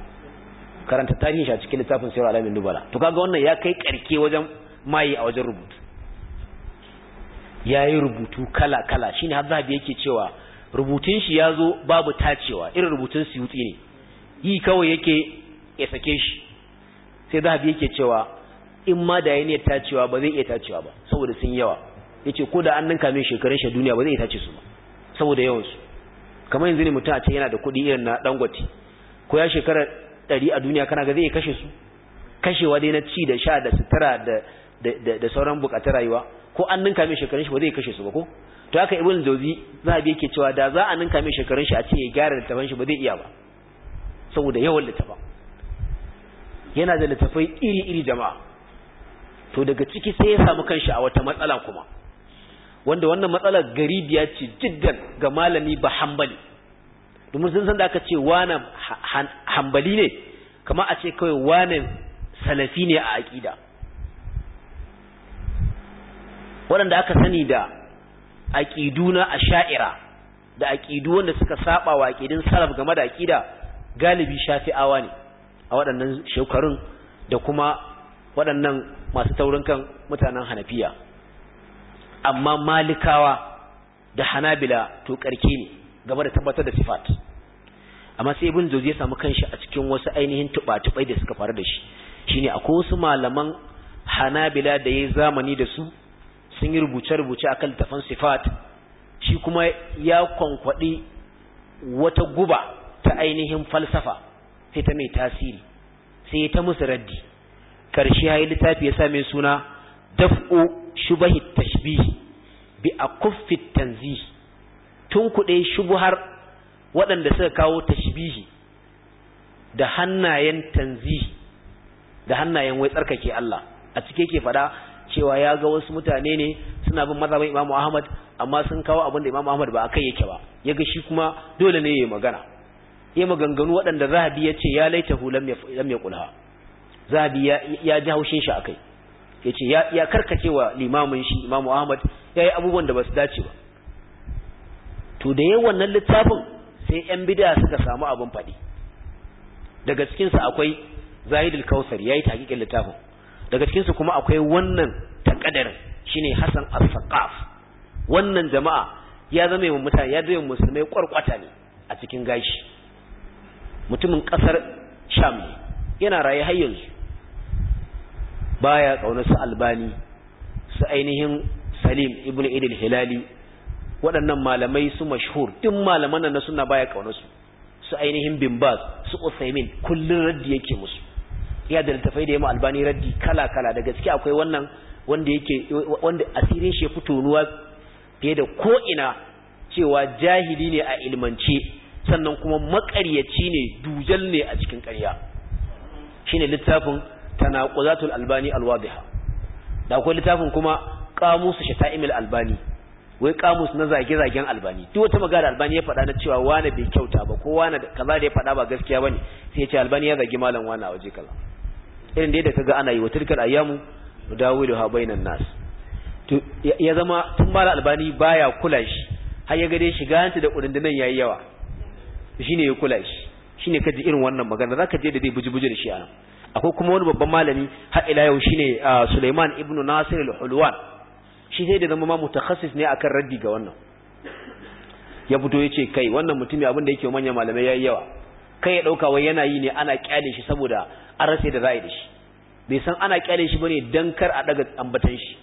karanta tarihin shi a cikin littafin sayar alamin dubala to kaga wannan ya kai karke wajen maye a wajen rubutu ya yi rubutu kala kala shine har zahabi yake cewa rubutun shi ya zo babu tacewa irin rubutun siyutsi ne yi kawai yake ya sake shi sai zahabi yake cewa in ma da yayi ne tacewa ba zai iya tacewa ba saboda sun yawa yace ko da an ninka min shekarun shi duniya ba zai iya tace su ba saboda yawan su kamar yanzu ne mutum a ce yana da kuɗi irin na Dangote ko ya shekara ɗari a duniya kana ga zai kashe su kashewa dai na ci da sha da sutura da da sauran buƙatar rayuwa ko an ninka min shekarun shi ba zai kashe su ba ko to haka ibn jawzi zahabi yake cewa da za a ninka min shekarun shi a ce ya gyara littafin shi ba zai iya ba saboda yawan littafin yana da littafai iri-iri jama'a to daga ciki sai ya samu kanshi a wata matsala kuma wanda wannan matsalar garibiya ce jiddan ga malami ba hambali domin sun san da aka ce wane hambali ne kama a ce kawai wane salafi ne a aƙida waɗanda aka sani da aƙidu na sha'ira da aƙidu wanda suka saba wa aƙidin salaf game da aƙida galibi shafi'awa ne a waɗannan shekarun da kuma waɗannan masu taurin kan mutanen hanafiya amma malikawa da hanabila to ƙarke ne game da tabbatar da sifat amma sai ibn jozi ya samu kanshi a cikin wasu ainihin tuba tuɓai da suka faru da shi shine akwai wasu malaman hanabila da ya yi zamani da su sun yi rubuce-rubuce a kan littafin sifat shi kuma ya kwankwadi wata guba ta ainihin falsafa sai ta mai tasiri sai ta musu raddi karshe ya yi littafi ya sa mai suna daf'u shubahi tashbih bi akuffi tanzih tun kuɗe shubuhar waɗanda suka kawo tashbihi da hannayen tanzih da hannayen wai tsarkake Allah a cike ke faɗa cewa ya ga wasu mutane ne suna bin mazhabin Imam Ahmad amma sun kawo abin da Imam Ahmad ba a akai yake ba ya ga shi kuma dole ne yayi magana ya maganganu waɗanda zahabi ya ce ya laita hu lam ya kulha zahabi ya ji haushin shi akai ya ce ya karkace wa limamin shi imamu ahmad ya yi abubuwan da ba su dace ba to da yawan nan littafin sai yan bida suka samu abin faɗi daga cikinsu akwai al kausar ya yi taƙiƙin littafin daga cikinsu kuma akwai wannan takadar shine hassan al saqaf wannan jama'a ya zama mutane ya zama musulmai kwarkwata ne a cikin gashi mutumin kasar sham yana raye har yanzu baya kauna su albani su ainihin salim ibnu idil hilali waɗannan malamai su mashhur duk malaman nan suna baya kauna su su ainihin bimbaz su usaimin kullun raddi yake musu ya da littafai da yamma albani raddi kala kala da gaske akwai wannan wanda yake wanda asirin shi ya fito ruwa fiye da ko ina cewa jahili ne a ilmance sannan kuma makaryaci ne dujal ne a cikin ƙarya shine littafin tanaquzatul albani alwadiha da akwai littafin kuma qamus shata'imil albani wai kamus na zage-zagen albani duk wata magana albani ya faɗa na cewa wane bai kyauta ba ko wane kaza da ya faɗa ba gaskiya bane sai ya ce albani ya zagi malam wane a waje kaza irin da yadda kaga ana yi wa tilkal ayyamu dawilu ha bainan nas to ya zama tun malam albani baya kula shi har ya gade shi hanta da kurundunan yayi yawa shine ya kula shi shine kaji irin wannan magana zaka je da zai buji-buji da shi a nan akwai kuma wani babban malami har ila yau shine ah, Sulaiman ibn Nasir al-Hulwan shi sai da zama ma mutakhassis ne akan raddi ga wannan ya fito ya ce kai wannan mutumi abin da yake manya malamai yayi yawa kai ya dauka wai yana yi ne ana kyale shi saboda an rasa da za'i da shi bai san ana kyale shi bane dan kar a daga ambatan shi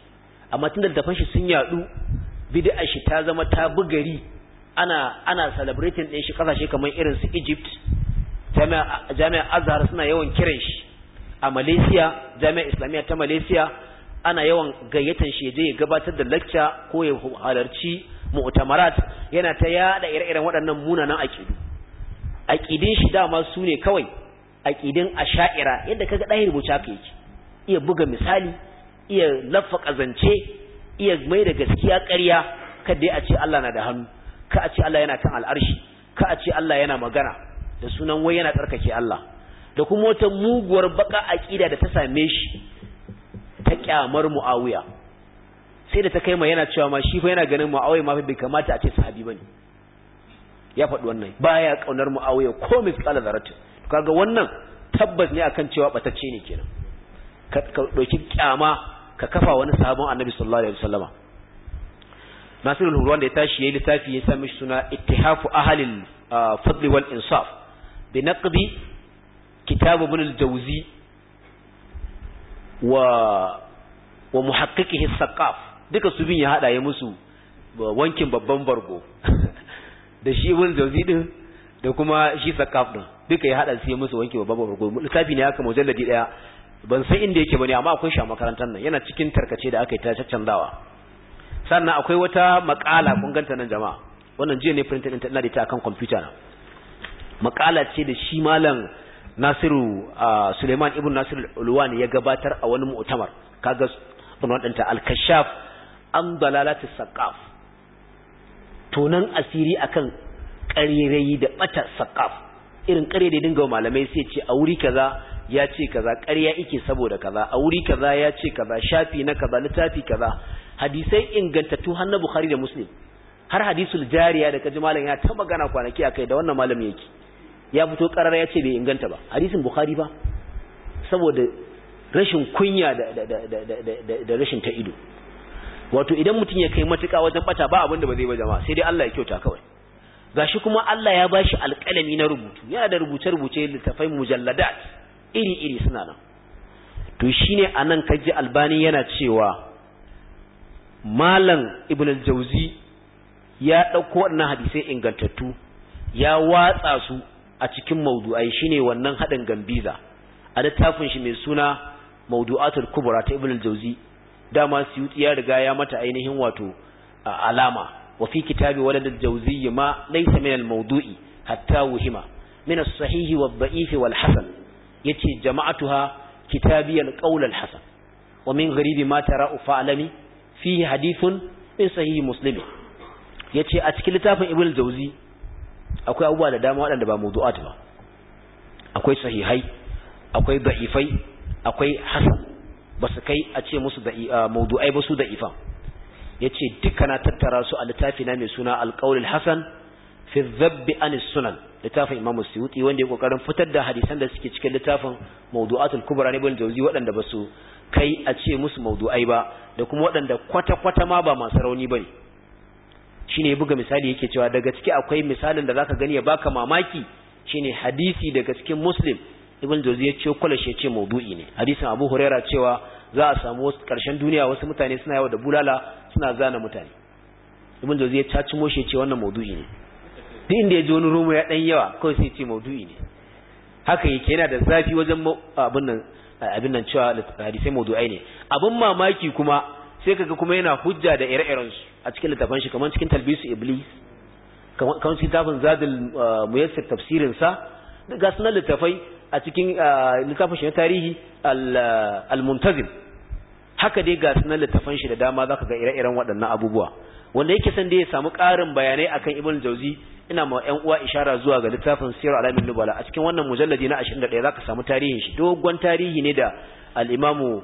amma tun da tafan shi sun yadu bid'a shi ta zama ta bugari ana ana celebrating din shi kasashe kamar irin su Egypt Jami'an Azhar suna yawan kiran shi a Malaysia jami'an Islamiyya ta Malaysia ana yawan gayyatan shi je ya gabatar da lecture ko ya halarci mu'tamarat yana ta yada ire-iren waɗannan munanan aqidu aqidin shi dama su ne kawai aqidin asha'ira yadda kaga ɗaya rubuta ka yake iya buga misali iya laffa zance iya mai da gaskiya ƙarya kada a ce Allah na da hannu ka a ce Allah yana kan al'arshi ka a ce Allah yana magana da sunan wai yana tsarkake Allah da kuma wata muguwar baka ƙida da ta same shi ta ƙyamar Muawiya sai da ta kai ma yana cewa ma shi fa yana ganin Muawiya ma bai kamata a ce sahabi bane ya faɗi wannan baya kaunar Muawiya ko misqala zaratu to kaga wannan tabbas ne akan cewa batacce ne kenan ka ɗauki kyama ka kafa wani sabon Annabi sallallahu alaihi wasallama Nasiru Hurwan da ya tashi yayi lissafi ya sami suna Ittihafu Ahlil ah, Fadl wal Insaf bi naqdi kitab Ibn al-Jawzi wa wa muhaqqiqihi al-Saqaf duka su bin ya hada ya musu wankin babban bargo da shi Ibn jawzi din da kuma shi Saqaf din duka ya hada su ya musu wankin babban bargo lissafi ne aka mujalladi daya ban san inda yake bane amma akwai shi a makarantar nan yana cikin tarkace da aka yi ta caccanzawa sannan akwai wata makala kun ganta nan jama'a wannan jiya ne printed din tana da ita akan computer na makala ce da shi malam Nasiru Suleiman ibn Nasiru Ulwani ya gabatar a wani mu'tamar kaga sunan ɗinta al-kashaf an dalalati saqaf tonan asiri akan ƙarerayi da bata saqaf irin ƙare da dinga malamai sai ce a wuri kaza ya ce kaza ƙarya ike saboda kaza a wuri kaza ya ce kaza shafi na kaza littafi kaza hadisai ingantattu har na bukhari da muslim har hadisul jariya da kaji malam ya ta magana kwanaki akai da wannan malam yake ya fito karara ya ce bai inganta ba hadisin bukhari ba saboda rashin kunya da rashin ta ido wato idan mutum ya kai matuƙa wajen bata ba abinda ba zai ba jama'a sai dai Allah ya kyauta kawai gashi kuma Allah ya bashi alƙalami na rubutu yana da rubuce-rubuce littafai mujalladat iri-iri suna nan to shine anan kaji albani yana cewa malam ibn al-jauzi ya ɗauko waɗannan hadisai ingantattu ya watsa su a cikin maudu'ai shine wannan haɗin gambiza a littafin shi mai suna maudu'atul kubra ta ibn al-jauzi dama Siyuti ya riga ya mata ainihin wato alama wa fi kitabi walad al-jauzi ma laysa min al-mawdu'i hatta wuhima min as-sahihi wa ba'ifi wal-hasan yace jama'atuha kitabiyal al-qawl al-hasan wa min gharibi ma tara'u fa'lami fihi hadithun in sahihi muslim yace a cikin littafin ibnu jauzi akwai abubuwa da dama waɗanda ba mawdu'at ba akwai sahihai akwai da'ifai akwai hasan ba su kai a ce musu mawdu'ai ba su da'ifa yace duka tattara su a littafi na mai suna alqaulul hasan fi dhabbi anis sunan littafin imam suyuti wanda ya kokarin fitar da hadisan da suke cikin littafin mawdu'atul kubra ne bin jauzi waɗanda ba su kai a ce musu maudu'ai ba da kuma waɗanda kwata-kwata ma ba masu rauni ba ne ne buga misali yake cewa daga ciki akwai misalin da zaka gani ya baka mamaki shine hadisi daga cikin muslim ibn jozi ya ce kula ce maudu'i ne hadisin abu huraira cewa za a samu karshen duniya wasu mutane suna yawa da bulala suna zana mutane ibn jozi ya caci moshe ce wannan maudu'i ne duk inda ya ji wani rumu ya ɗan yawa kawai sai ce maudu'i ne haka yake yana da zafi wajen abin nan Eh, abin nan cewa hadisai mawdu'ai ne abin mamaki kuma sai kaga kuma yana hujja da ire irensu a cikin littafin shi kamar cikin talbisu iblis kamar cikin tafin zadul eh, muyassir tafsirin sa ga sunan littafai a cikin eh, littafin shi na tarihi al-muntazim haka dai ga sunan littafan shi da dama zaka ga ire-iren waɗannan abubuwa wanda yake son da ya samu ƙarin bayanai akan ibn jauzi ina ma ƴan uwa ishara zuwa ga littafin sirr alamin nubala a cikin wannan mujalladi na 21 zaka samu tarihin shi dogon tarihi ne da al-imamu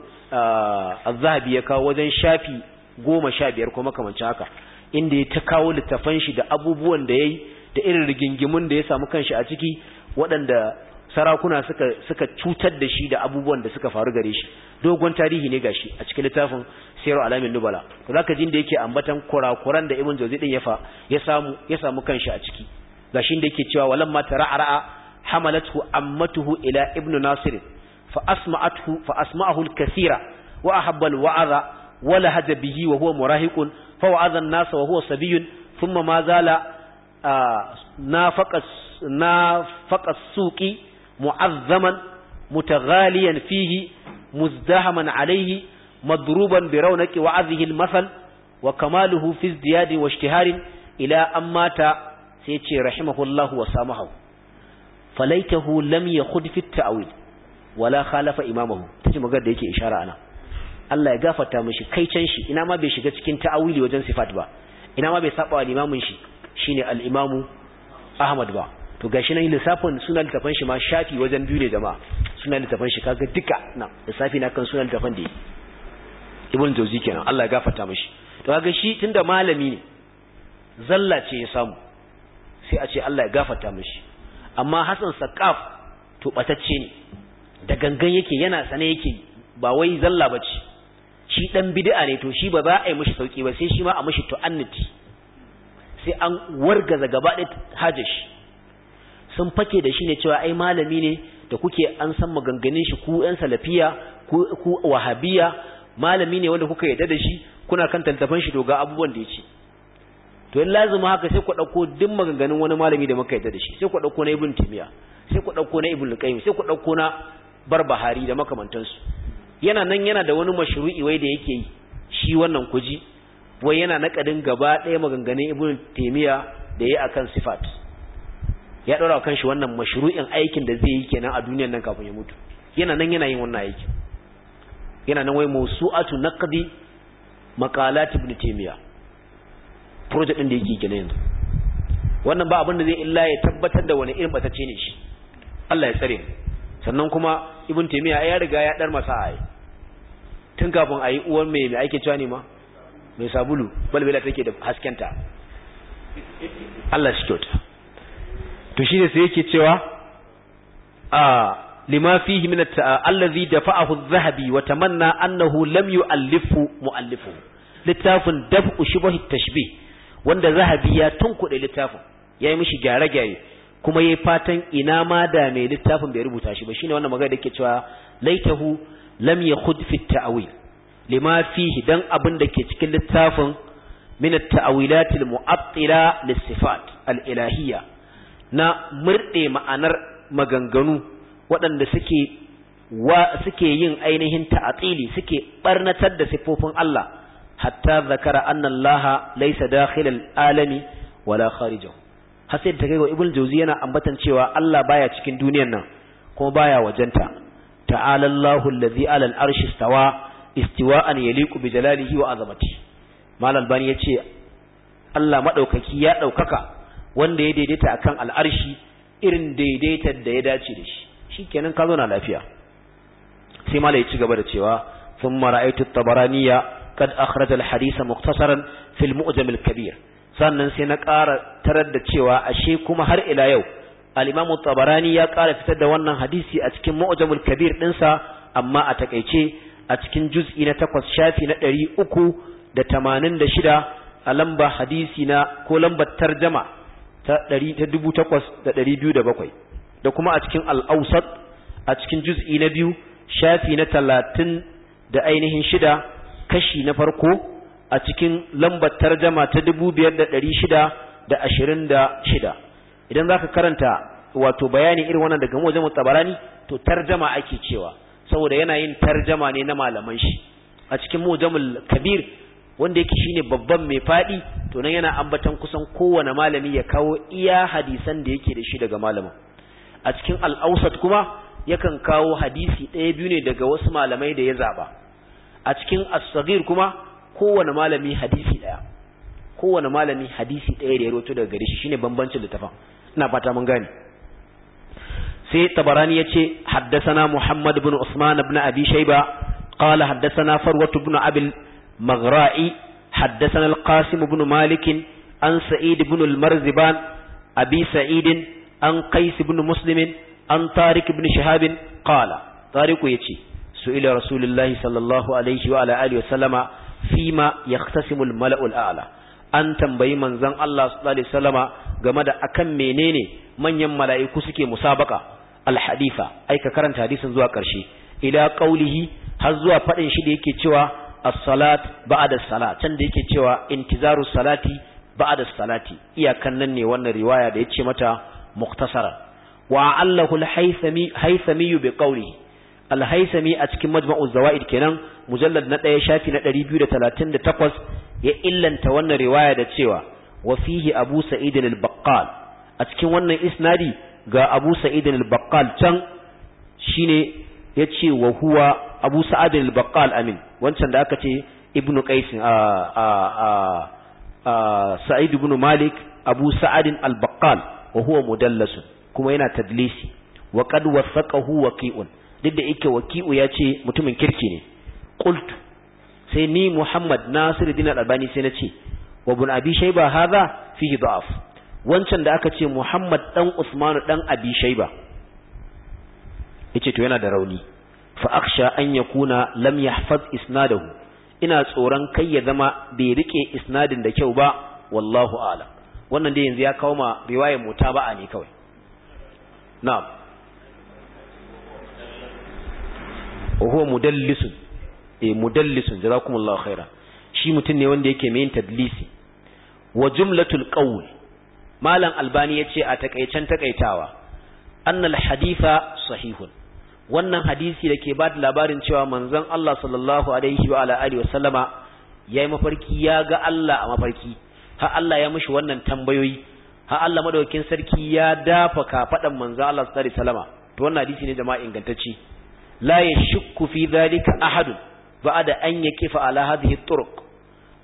az-zahabi ya kawo wajen shafi 15 ko makamancin haka inda ya ta kawo littafan shi da abubuwan da yayi da irin rigingimun da ya samu kanshi a ciki waɗanda sarakuna suka suka cutar da shi da abubuwan da suka faru gare shi dogon tarihi ne gashi a cikin littafin siyar alamin nubala to zaka jin da yake ambatan kurakuran da ibn jawzi din ya fa ya samu ya samu kanshi a ciki gashin da yake cewa walamma tara'ara hamalathu ammatuhu ila ibn nasir fa asma'athu fa asma'ahu al-kathira wa ahabba al-wa'adha wa lahaja bihi wa huwa murahiqun fa wa'adha an-nas wa huwa sabiyyun thumma ma zala nafaqas nafaqas suqi mu'azzaman mutaghaliyan fihi muzdahaman alayhi madruban bi raunaqi wa'azihi al-masal wa kamaluhu fi izdiyadi wa ijtiharin ila ammata sai ce rahimahullahu wa samahu falaitahu lam yakhud fi at-ta'wil wala khalafa imamahu tace magar da yake ishara ana Allah ya gafata mishi kai can shi ina ma bai shiga cikin ta'awili wajen sifat ba ina ma bai saba wa limamin shi shine al Ahmad ba to gashi nan lissafin suna littafan shi ma shafi wajen biyu ne jama'a suna littafan shi kaga duka na lissafi na kan suna littafan da yake ibn jauzi kenan Allah ya gafarta mishi to kaga shi tunda malami ne zalla ce ya samu sai a ce Allah ya gafarta mishi amma Hassan Saqaf to batacce ne da gangan yake yana sane yake ba wai zalla bace shi dan bid'a ne to shi ba za a yi mishi sauki ba sai shi ma a mishi tu'anniti sai an wargaza gaba ɗaya hajar shi sun fake da shi ne cewa ai malami ne da kuke an san maganganun shi ku yan salafiya ku wahabiya malami ne wanda kuka yarda da shi kuna kan tantafan shi to ga abubuwan da yake to in lazima haka sai ku dauko duk maganganun wani malami da muka yadda da shi sai ku dauko na ibn timiya sai ku dauko na ibn qayyim sai ku dauko na barbahari da makamantansu yana nan yana da wani mashru'i wai da yake yi shi wannan kuji wai yana nakadin gaba ɗaya maganganun ibn timiya da yayi akan sifat ya dora kan shi wannan mashru'in aikin da zai yi kenan a duniyar nan kafin ya mutu yana nan yana yin wannan aikin yana nan wai mawsu'atu naqdi maqalat ibn taymiya project din da yake gina yanzu wannan ba abin da zai illa ya tabbatar da wani irin batacce ne shi Allah ya tsare sannan kuma ibn taymiya ya riga ya dar masa ai tun kafin ayi uwan mai mai ake cewa ne ma mai sabulu balbela take da haskenta Allah shi kyauta to shine sai yake cewa a ah, lima fihi min allazi dafa'ahu adh-dhahabi wa tamanna annahu lam yu'allifu mu'allifu littafin daf'u shubhi tashbih wanda zahabi ya tunkuɗe littafin yayi mishi gyare-gyare kuma yayi fatan ina ma da mai littafin bai rubuta shi ba shine wannan magana da yake cewa laitahu lam yakhud fi at-ta'wil dan abin da ke cikin littafin min at-ta'wilat al-mu'attila lis-sifat ilahiyya na murde ma'anar maganganu waɗanda suke wa suke yin ainihin ta'atili suke barnatar da siffofin Allah hatta zakara anna Allah laysa dakhilal alami wala kharijahu har sai ta kai wa ibn jawzi yana ambatan cewa Allah baya cikin duniyar nan kuma baya wajenta ta'ala Allahu allazi 'ala istawa istiwa'an yaliqu bi jalalihi wa 'azamati mal albani yace Allah madaukaki ya daukaka wanda ya daidaita akan al'arshi irin daidaitar da ya dace da shi kenan ka zauna lafiya sai malai ya ci gaba da cewa thumma ra'aytu tabaraniya kan akhraj hadisa muktasaran muqtasaran fil kabir sannan sai na ƙara tarar da cewa ashe kuma har ila yau alimamu imam tabarani ya ƙara fitar da wannan hadisi a cikin mu'jam kabir ɗinsa amma a takaice a cikin juz'i na takwas shafi na uku da da tamanin shida a lamba hadisi na ko lambar tarjama ta takwas da bakwai. da kuma a cikin al'ausat a cikin juz'i na biyu shafi na talatin da ainihin shida kashi na farko a cikin lambar tarjama ta dubu biyar da ɗari shida da ashirin da shida idan za ka karanta wato bayani irin wannan daga wajen tabarani to tarjama ake cewa saboda yana yin tarjama ne na malaman shi a cikin mujamul kabir wanda yake shine babban mai faɗi to nan yana ambatan kusan kowane malami ya kawo iya hadisan da yake da shi daga malamin a cikin al'ausat kuma yakan kawo hadisi ɗaya biyu ne daga wasu malamai da ya zaɓa a cikin as kuma kowane malami hadisi ɗaya kowane malami hadisi ɗaya da ya roto daga gari shi shine bambancin littafin ina fata mun gane sai tabarani ce Haddasana muhammad bin usman bin abi Haddasana farwatu bin Abil بن أبي al حدثنا bin بن an Sa'id bin بن المرزبان Abi Sa'idin. an qais ibn muslim an tariq ibn shihab qala tariq yace su'ila rasulullahi sallallahu alaihi wa ala alihi wa fima yahtasimu al-mala'u al-a'la an tambayi manzon Allah sallallahu alaihi wasallama game da akan menene manyan mala'iku suke musabaka al-hadifa ai ka karanta hadisin zuwa karshe ila qaulihi har zuwa fadin shi da yake cewa as-salat ba'da as-salat can da yake cewa intizaru salati ba'da as-salati iyakan nan ne wannan riwaya da yace mata muktasara wa allahu al-haythami bi qawlihi al a cikin majma'u zawaid kenan mujallar na ɗaya shafi na 238 ya illanta wannan riwaya da cewa wa fihi abu sa'id al a cikin wannan isnadi ga abu sa'id al can shine yace wa huwa abu sa'id al-baqqal amin wancan da aka ce ibnu qais a malik abu sa'id al wa huwa mudallasun kuma yana tadlisi wa qad wasaqahu waqi'un duk da yake waqi'u ya ce mutumin kirki ne qultu sai ni Muhammad Nasiruddin albani sai na ce wa ibn Abi Shayba hadha fihi da'af wancan da aka ce Muhammad dan Usmanu dan Abi Shayba yace to yana da rauni fa akhsha an yakuna lam yahfaz isnadahu ina tsoron kai ya zama bai rike isnadin da kyau ba wallahu a'lam wannan dai yanzu ya kawo ma riwayar ba'a ne kawai na'am wa mudallisun eh mudallisun jazakumullahu khaira shi mutum ne wanda yake mai tadlisi wa jumlatul qawl malam albani yace a takaicen takaitawa annal haditha sahihun wannan hadisi da ke ba da labarin cewa manzon Allah sallallahu alaihi wa alihi wasallama ya yi mafarki ya ga Allah a mafarki har Allah ya mishi wannan tambayoyi har Allah madaukakin sarki ya dafa kafadan manzo Allah sallallahu alaihi wasallama to wannan hadisi ne jama'a ingantacce la yashukku fi dhalika ahad ba'da an yaqifa ala hadhihi turuq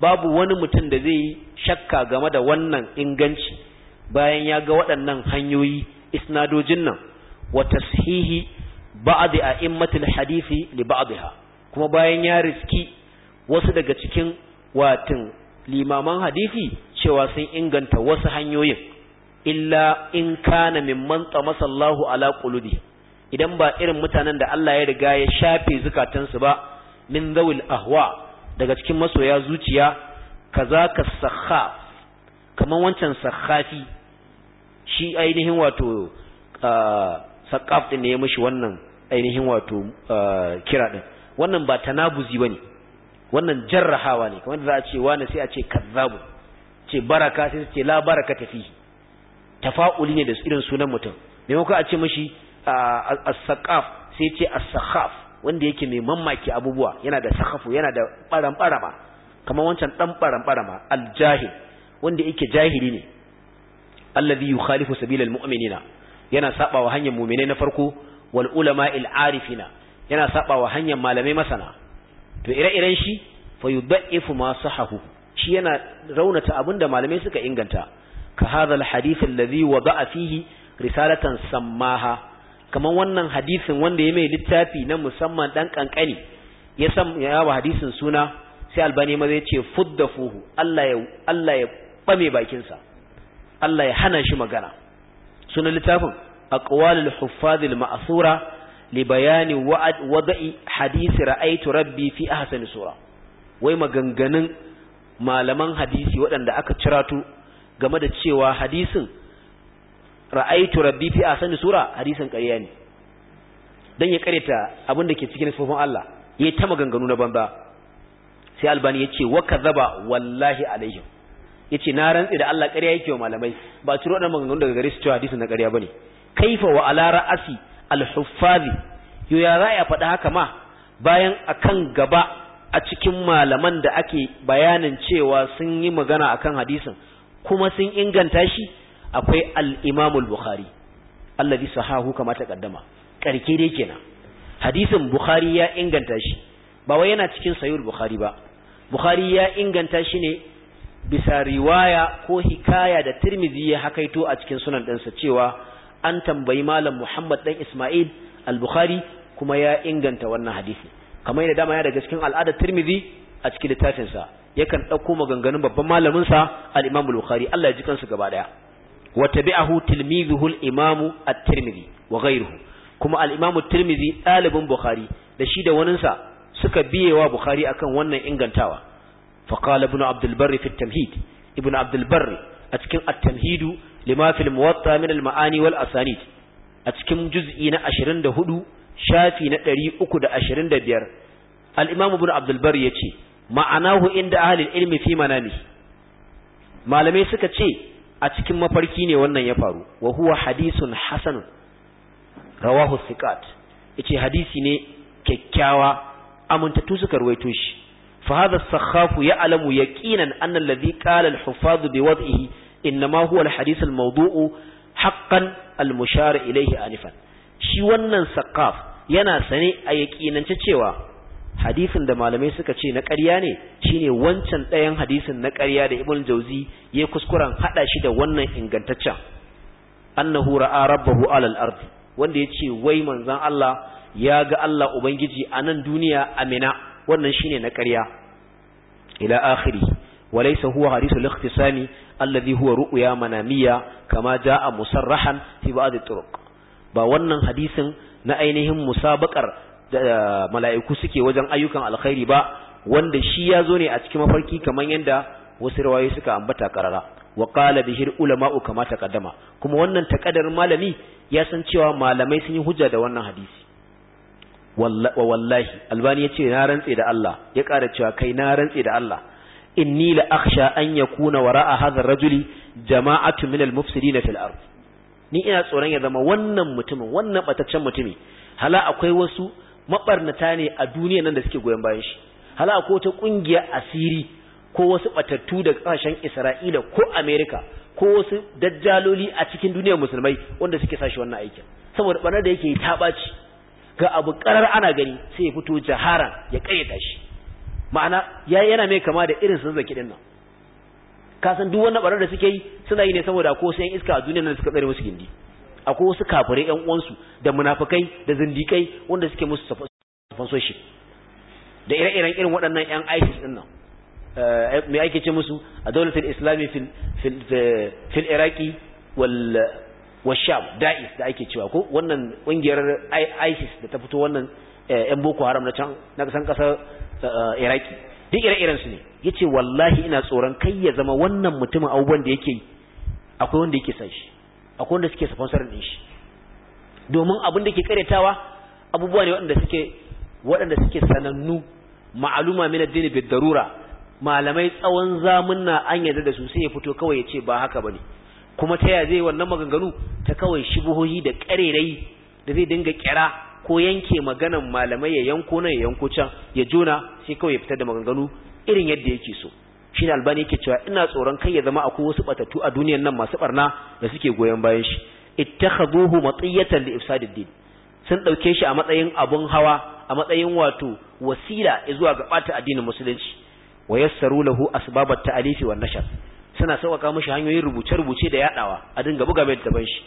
babu wani mutum da zai shakka game da wannan inganci bayan ya ga waɗannan hanyoyi isnadojin nan wa tashihi ba'd a'immatil hadisi li ba'daha kuma bayan ya riski wasu daga cikin watin limaman hadisi cewa sun inganta wasu hanyoyin illa in kana mimman masallahu ala qulubi idan ba irin mutanen da Allah ya riga ya shafe zukatansu ba min zawil ahwa daga cikin masoya zuciya kaza ka sakha kaman wancan sakhafi shi ainihin wato ah, sakaf din ne ya mishi wannan ainihin wato ah, kira din wannan ba tanabuzi bane wannan jarrahawa ne kamar za a ce wani sai a ce kazzabu ce baraka sai su ce la baraka tafi tafa'uli ne da irin sunan mutum maimakon a ce mashi as-saqaf sai ce as-sakhaf wanda yake mai mamaki abubuwa yana da sakhafu yana da baran barama kamar wancan dan baran barama al-jahil wanda yake jahili ne alladhi yukhalifu sabilal mu'minina yana sabawa hanyar muminai na farko wal ulama il arifina yana sabawa hanyar malamai masana to ire-iren shi fa yudda'ifu ma sahahu shi yana raunata abinda malamai suka inganta ka hadha alhadith alladhi wada'a fihi risalatan sammaha kaman wannan hadisin wanda ya mai littafi na musamman dan kankani ya san ya wa hadisin suna sai albani ma zai ce fuddafuhu Allah ya Allah ya bame bakin sa Allah ya hana shi magana sunan littafin aqwalul huffazil ma'thura li bayani wada'i hadisi ra'aitu rabbi fi ahsani sura wai maganganun malaman hadisi waɗanda aka ciratu game da cewa hadisin ra'aitu rabbi fi ahsani sura hadisin ƙarya ne dan ya kareta abin da ke cikin sifofin Allah yayi ta maganganu na banza sai albani ya ce waka wallahi alaihim ya ce na rantsi da Allah ƙarya yake wa malamai ba ciro ɗan maganganu daga gare su cewa hadisin na ƙarya ba ne kaifa wa ala ra'asi alhuffazi yo ya za ya faɗi haka ma bayan akan gaba a cikin malaman da ake bayanin cewa sun yi magana akan hadisin kuma sun inganta shi akwai al-Imam al-Bukhari alladhi sahahu kama taqaddama karke dai kenan hadisin Bukhari ya inganta shi ba wai yana cikin sahih Bukhari ba Bukhari ya inganta shi ne bisa riwaya ko hikaya da Tirmidhi ya hakaito a cikin sunan ɗinsa cewa an tambayi malam Muhammad dan Ismail al-Bukhari kuma ya inganta wannan hadisi kamar yadda dama ya daga cikin al'adar Tirmidhi a cikin littafinsa yakan ɗauko maganganun babban malaminsa sa al-Imam al-Bukhari Allah ya ji kansu gaba daya wa tabi'ahu tilmizuhu al-Imam at-Tirmidhi wa ghayruhu kuma al-Imam at-Tirmidhi dalibin Bukhari da shi da waninsa suka biyewa Bukhari akan wannan ingantawa fa qala ibn Abdul Barr fi at-Tamhid ibn Abdul Barr a cikin at-Tamhidu Limafil muwatta min al ma'ani wal asanid a cikin juz'i na 24 shafi na 325 al imam ibn abdul bar yace ma'anahu inda ahli ilmi fi manami malamai suka ce a cikin mafarki ne wannan ya faru wa huwa hadisun hasan rawahu thiqat yace hadisi ne kyakkyawa amintattu suka ruwaito shi fa hadha as-sakhafu ya'lamu yaqinan anna alladhi qala al-huffaz bi wad'ihi Inna huwa al maudu'u al almushara ilaihi al-mushar anifan shi wannan saqaf yana sane a yaƙinance cewa hadisin da malamai suka ce na karya ne shine wancan ɗayan hadisin na karya da Ibn Jauzi ya kuskuren haɗa shi da wannan ingantaccen annahu ra'a rabbahu alal ard wanda ya ce wai manzon Allah ya ga Allah ubangiji a nan duniya a Minna wannan shine na karya. ila akhiri walaysa huwa hadithul ikhtisami allazi huwa ru'ya manamiya kama jaa musarrahan fi ba'd turuq ba wannan hadisin na ainihin musabakar da mala'iku suke wajen ayyukan alkhairi ba wanda shi ya zo ne a cikin mafarki kamar yadda wasu riwayoyi suka ambata karara wa qala bihir ulama'u kama taqaddama kuma wannan takadar malami ya san cewa malamai sun yi hujja da wannan hadisi wallahi albani ya ce na rantse da Allah ya ƙara cewa kai na rantse da Allah inni la akhsha an yakuna wara'a hadha ar-rajuli jama'atu min al-mufsidin fil ard ni ina tsoron ya zama wannan mutumin wannan bataccen mutumi hala akwai wasu mabarnata ne a duniya nan da suke goyon bayan shi hala akwai wata kungiya asiri ko wasu batattu da kasashen Isra'ila ko Amerika, ko wasu dajjaloli a cikin duniyar musulmai wanda suke sashi wannan aikin saboda ɓarnar da yake ta ɓaci ga abu karar ana gani sai ya fito jaharan ya kayyata shi ma'ana ya yana mai kama da irin sun zaki dinnan ka san duk wani barar da suke yi suna yi ne saboda ko sai iska a duniyar nan suka tsare musu gindi akwai wasu kafirai ƴan uwansu da munafikai da zindikai wanda suke musu sponsorship da ire-iren irin waɗannan ƴan ISIS din nan eh, Mai ake ce musu a dawlatul islami fil fil iraqi wal sham da'is da ake cewa ko wannan ƙungiyar ISIS da ta fito wannan eh, yan boko haram na can na kasan ƙasar Eh, iraki duk ire-iren su ne yace wallahi ina tsoron kai ya zama wannan mutumin abubuwan da yake akwai wanda yake san shi akwai wanda suke sponsor din shi domin abin da ke karyatawa abubuwa ne waɗanda suke waɗanda suke sanannu ma'aluma min addini bid darura malamai tsawon zamunna an yarda da su sai ya fito kawai ya ce ba haka bane kuma ta yaya zai wannan maganganu ta kawai shubuhohi da karerai da zai dinga kira ko yanke maganan malamai ya yanko nan ya yanko can ya jona sai kawai ya fitar da maganganu irin yadda yake so shi ne albani yake cewa ina tsoron kai ya zama akwai wasu batattu a duniyan nan masu barna da suke goyon bayan shi ittakhaduhu matiyatan li ifsadid sun dauke shi a matsayin abun hawa a matsayin wato wasila zuwa ga bata addinin musulunci wa yassaru lahu asbabat ta'alifi wan nashr suna sauƙaƙa mishi hanyoyin rubuce-rubuce da yadawa a dinga buga mai daban shi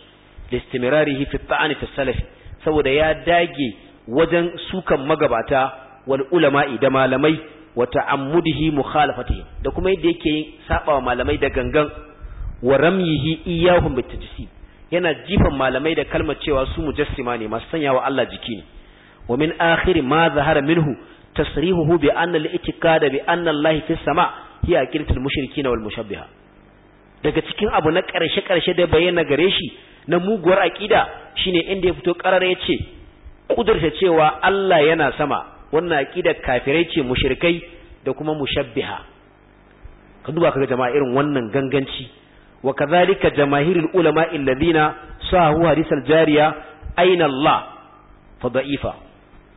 listimirarihi fi ta'ani salafi saboda ya dage wajen sukan magabata wal ulama'i da malamai wa ta'ammudihi mukhalafatihi da kuma yadda yake saɓawa malamai da gangan wa ramyihi iyyahum bitajsi yana jifan malamai da kalmar cewa su mujassima ne masu wa Allah jiki ne wa min akhir ma zahara minhu tasrihuhu bi anna al-i'tiqada bi anna Allah fi sama hiya aqidatu al-mushrikeena wal mushabbiha daga cikin abu na ƙarshe-ƙarshe da bayyana gare shi na muguwar aƙida shine inda ya fito ƙarar ya ce ƙudurta cewa Allah yana sama wannan aƙida kafirai ce mushrikai da kuma mushabbiha ka duba kaga jama'a irin wannan ganganci wa kadhalika jamaahirul ulama alladhina sahu hadisal jariya aina Allah fa da'ifa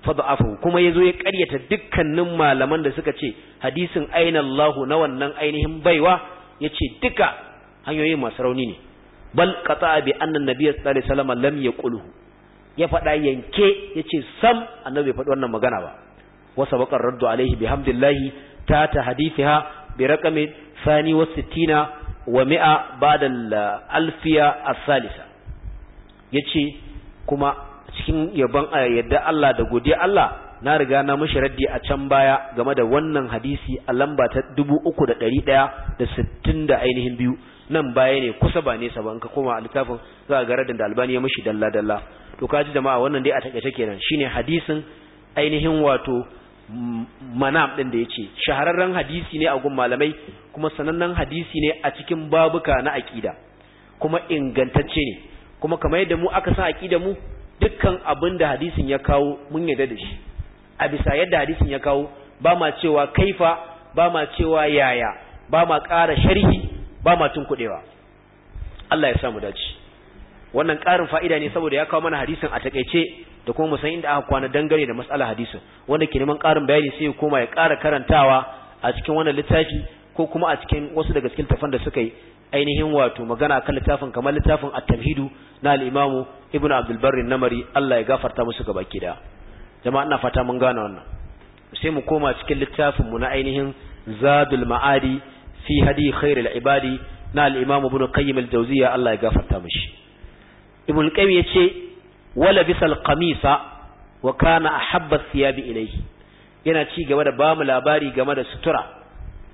fa da'afu kuma yazo ya ƙaryata dukkanin malaman da suka ce hadisin aina Allahu na wannan ainihin baiwa yace duka hanyoyi masu rauni ne bal qata bi anna nabiyyu sallallahu alaihi wasallam lam yaqulu ya faɗa yanke yace sam annabi bai faɗi wannan magana ba wa sabaqar raddu alaihi bihamdillahi ta ta hadithiha bi raqami thani wa sittina wa mi'a ba'da al-alfiya as-salisa yace kuma cikin yabon yadda Allah da godiya Allah na riga na mishi raddi a can baya game da wannan hadisi a lamba ta sittin da ainihin biyu nan baya ne kusa ba nesa ba in ka koma littafin za ga radin da albani ya mishi dalla dalla to kaji jama'a wannan dai a takaice kenan shine hadisin ainihin wato manam din da yace shahararren hadisi ne a gun malamai kuma sanannen hadisi ne a cikin babuka na aqida kuma ingantacce ne kuma kamar yadda mu aka san aqida mu dukkan abin da hadisin ya kawo mun yarda da shi a bisa yadda hadisin ya kawo ba ma cewa kaifa ba ma cewa yaya ba ma ƙara sharhi ba ma kuɗewa Allah ya sa mu dace wannan ƙarin fa'ida ne saboda ya kawo mana hadisin a takeice da kuma musan inda aka kwana dangane da mas'ala hadisin wanda ke neman ƙarin bayani sai ya koma ya ƙara karantawa a cikin wannan littafi ko kuma a cikin wasu daga cikin tafan da suka yi ainihin wato magana kan littafin kamar littafin at-tamhidu na al imam ibnu abdul barri namari Allah ya gafarta musu gabaki da jama'a ina fata mun gane wannan sai mu koma cikin littafin mu na ainihin zadul ma'adi fi hadi khairul ibadi na al-imam ibn qayyim al Allah ya gafarta mishi ibn al-qayyim yace wala bisal qamisa wa kana yana ci gaba da bamu labari game da sutura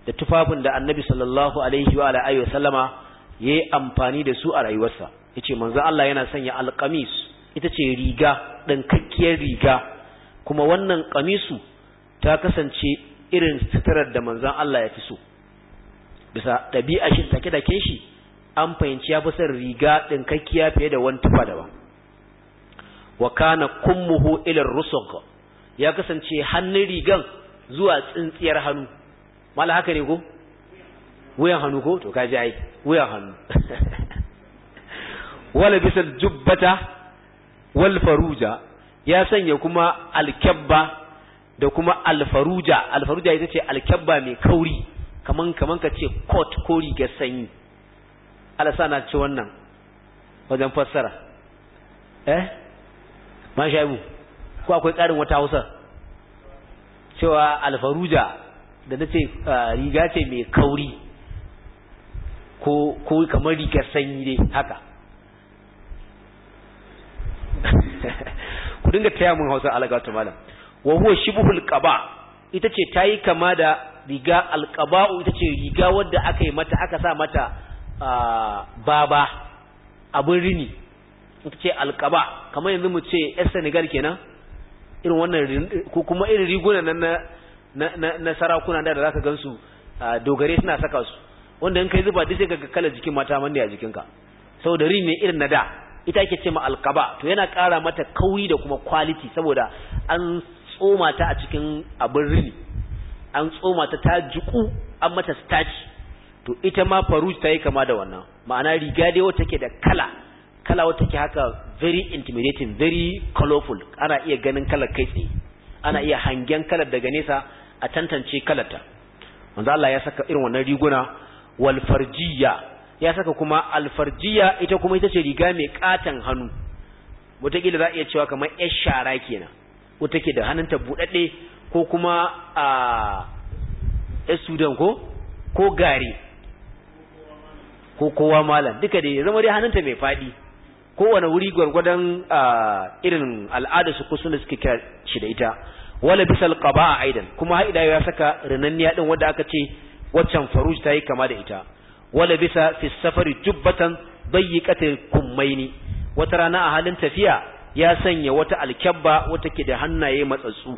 da tufafin da annabi sallallahu alaihi wa alihi wa sallama yayi amfani da su a rayuwarsa yace manzo Allah yana sanya al ita ce riga ɗinkakkiyar riga kuma wannan ƙamisu ta kasance irin suturar da manzon Allah ya fi so bisa ɗabi'a shi take da ke shi an fahimci ya fi son riga ɗinkakkiya fiye da wani tufa daban wa kana kummuhu ilar rusuk ya kasance hannun rigan zuwa tsintsiyar hannu mala haka ne ko wuyan hannu ko to kaji ai wuyan hannu wala bisa jubbata wal faruja ya sanya kuma alkabba da kuma alfaruja alfaruja ita ce alkabba mai kauri kaman kaman ka ce kot ko rigar sanyi alasa na ci wannan wajen fassara eh man mu ko akwai ƙarin wata hausa cewa alfaruja da na ce riga ce mai kauri ko ko kamar rigar sanyi dai haka ku dinga taya mun hausa alaga ta malam wa huwa shibhul qaba ita ce tayi kama da riga alqaba'u ita ce riga wadda aka yi mata aka sa mata baba abin rini ita ce alqaba kamar yanzu mu ce yan Senegal kenan irin wannan ko kuma irin riguna nan na sarakuna da zaka gansu dogare suna saka su wanda in kai zuba duk sai ga kalar jikin mata manne a jikinka saboda rini irin na da ita ke ce ma alqaba to yana ƙara mata kauyi da kuma quality saboda an tsoma ta a cikin abin rini an tsoma ta ta juku an mata starch to ita ma faruj ta yi kama da wannan ma'ana riga dai wata ke da kala kala wata ke haka very intimidating very colorful ana iya ganin kalar kai tsaye ana iya hangen kalar daga nesa a tantance ta. manzo Allah ya saka irin wannan riguna wal farjiya ya saka kuma al farjiya ita kuma ita ce riga mai katan hannu wata kila za a iya cewa kamar yar shara kenan wata ke da hannunta buɗaɗɗe ko kuma a yan sudan ko ko gari ko kowa malam duka dai zama dai hannunta mai faɗi kowane wuri gwargwadon irin al'ada su ko da suke shi da ita wala bisal qaba aidan kuma haida ya saka rinanniya din wanda aka ce waccan faruj yi kama da ita wala bisa fi safari jubbatan dayyiqatil kummaini wata rana a halin tafiya ya sanya wata alkyabba wata ke da hannaye matsatsu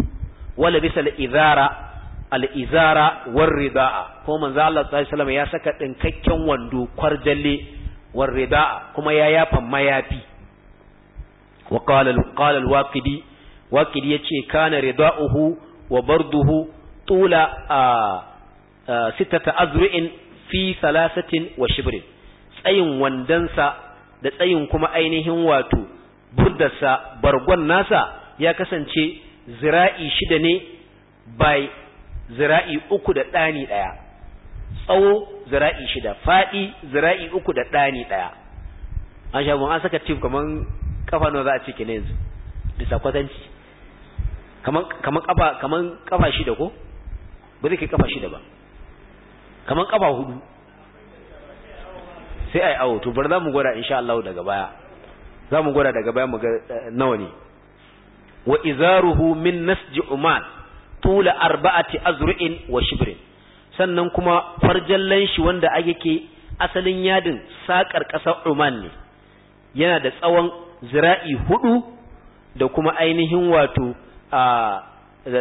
wala bisa Alizara alizara war rida'a ko manzo Allah sallallahu alaihi ya saka dinkakken wando kwarjalle war rida'a kuma ya yafa mayafi wa qala qala al-waqidi waqidi yace kana rida'uhu wa barduhu tula sittata azru'in fi thalathatin wa shibrin tsayin wandansa da tsayin kuma ainihin wato burdarsa bargon nasa ya kasance zira'i shida ne by zira'i uku da ɗani ɗaya tsawo zira'i shida faɗi zira'i uku da ɗani ɗaya an sha mun an saka tif kaman kafa nawa za a ce ke yanzu bisa kwatanci kaman kaman kafa kaman kafa shida ko ba zai kai kafa shida ba kaman kafa hudu sai ai awo to bar za mu gwada insha Allah daga baya za mu gwada daga baya mu ga eh, nawa ne wa izaruhu min nasji uman tula arba'ati azru'in wa shibrin sannan kuma farjallan shi wanda a yake asalin yadin sakar ƙasar Oman ne yana da tsawon zira'i hudu da kuma ainihin wato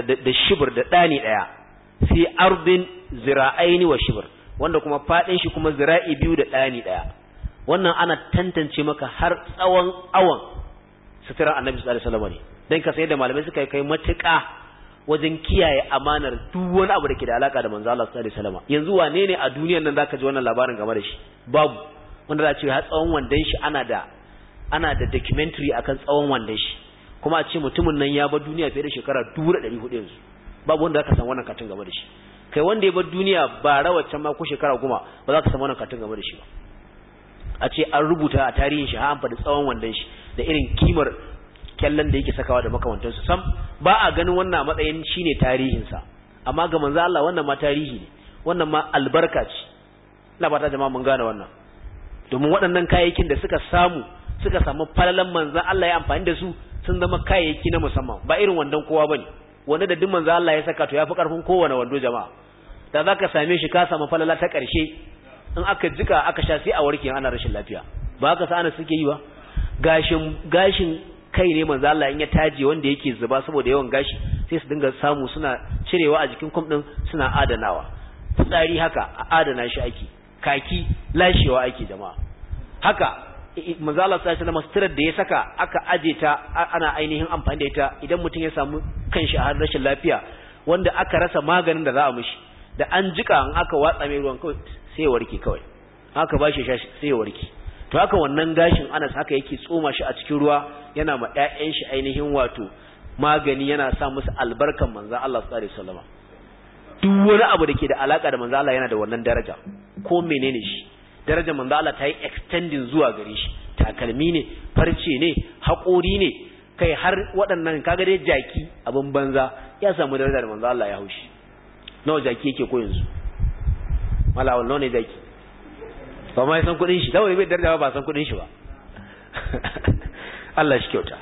da shibir da ɗani ɗaya fi ardin zira'aini wa shibir wanda kuma faɗin shi kuma zira'i biyu da ɗani ɗaya wannan ana tantance maka har tsawon awon sutura annabi sallallahu alaihi wasallam dan ka sai da malamai suka kai matuƙa wajen kiyaye amanar duk wani abu da ke da alaka da manzo Allah sallallahu alaihi wasallam yanzu wane ne a duniyar nan zaka ji wannan labarin game da shi babu wanda za ce har tsawon wandan shi ana da ana da documentary akan tsawon wandan shi kuma a ce mutumin nan ya bar duniya fiye da shekara 1400 yanzu babu wanda zaka san wannan katin game da shi kai wanda ya bar duniya ba rawacin ma ko shekara goma ba za ka san wannan katin game da shi ba a ce an rubuta a tarihin shi har an faɗi tsawon wandan shi da irin kimar kyallan da yake sakawa da makamantansu sam ba a ganin wannan matsayin shine tarihinsa amma ga manzo Allah wannan ma tarihi ne wannan ma albarka ce ina ba ta jama'a mun gane wannan domin waɗannan kayayyakin da suka samu suka samu falalan manzo Allah ya amfani da su sun zama kayayyaki na musamman ba irin wandon kowa bane wanda da duk manzo Allah ya saka to yafi karfin kowane wando jama'a da zaka same shi ka samu falala ta karshe in aka jika aka sha sai a warke ana rashin lafiya ba haka sa ana suke yi ba gashin gashin kai ne manzo Allah in ya taji wanda yake zuba saboda yawan gashi sai su dinga samu suna cirewa a jikin kum din suna adanawa fitsari haka a adana shi ake kaki lashewa ake jama'a haka manzo Allah sai sallama wasallam da ya saka aka aje ta ana ainihin amfani da ita idan mutum ya samu kanshi a rashin lafiya wanda aka rasa maganin da za a mishi da an jika an aka watsa mai ruwan kawai sai ya warke kawai aka bashi sai ya warke to haka wannan gashin Anas haka yake tsoma shi a cikin ruwa yana ma ɗayan shi ainihin wato magani yana sa musu albarkan manzon Allah sallallahu alaihi wasallam duk wani abu da ke da alaka da manzon Allah yana da wannan daraja ko menene shi daraja manzon Allah ta yi extending zuwa gare shi takalmi ne farce ne haƙori ne kai har waɗannan kaga dai jaki abin banza ya samu daraja da manzon Allah ya haushi nawa jaki yake ko yanzu malawal nawa ne jaki ba ma san kudin shi saboda bai ba san kudin shi ba Allah shi kyauta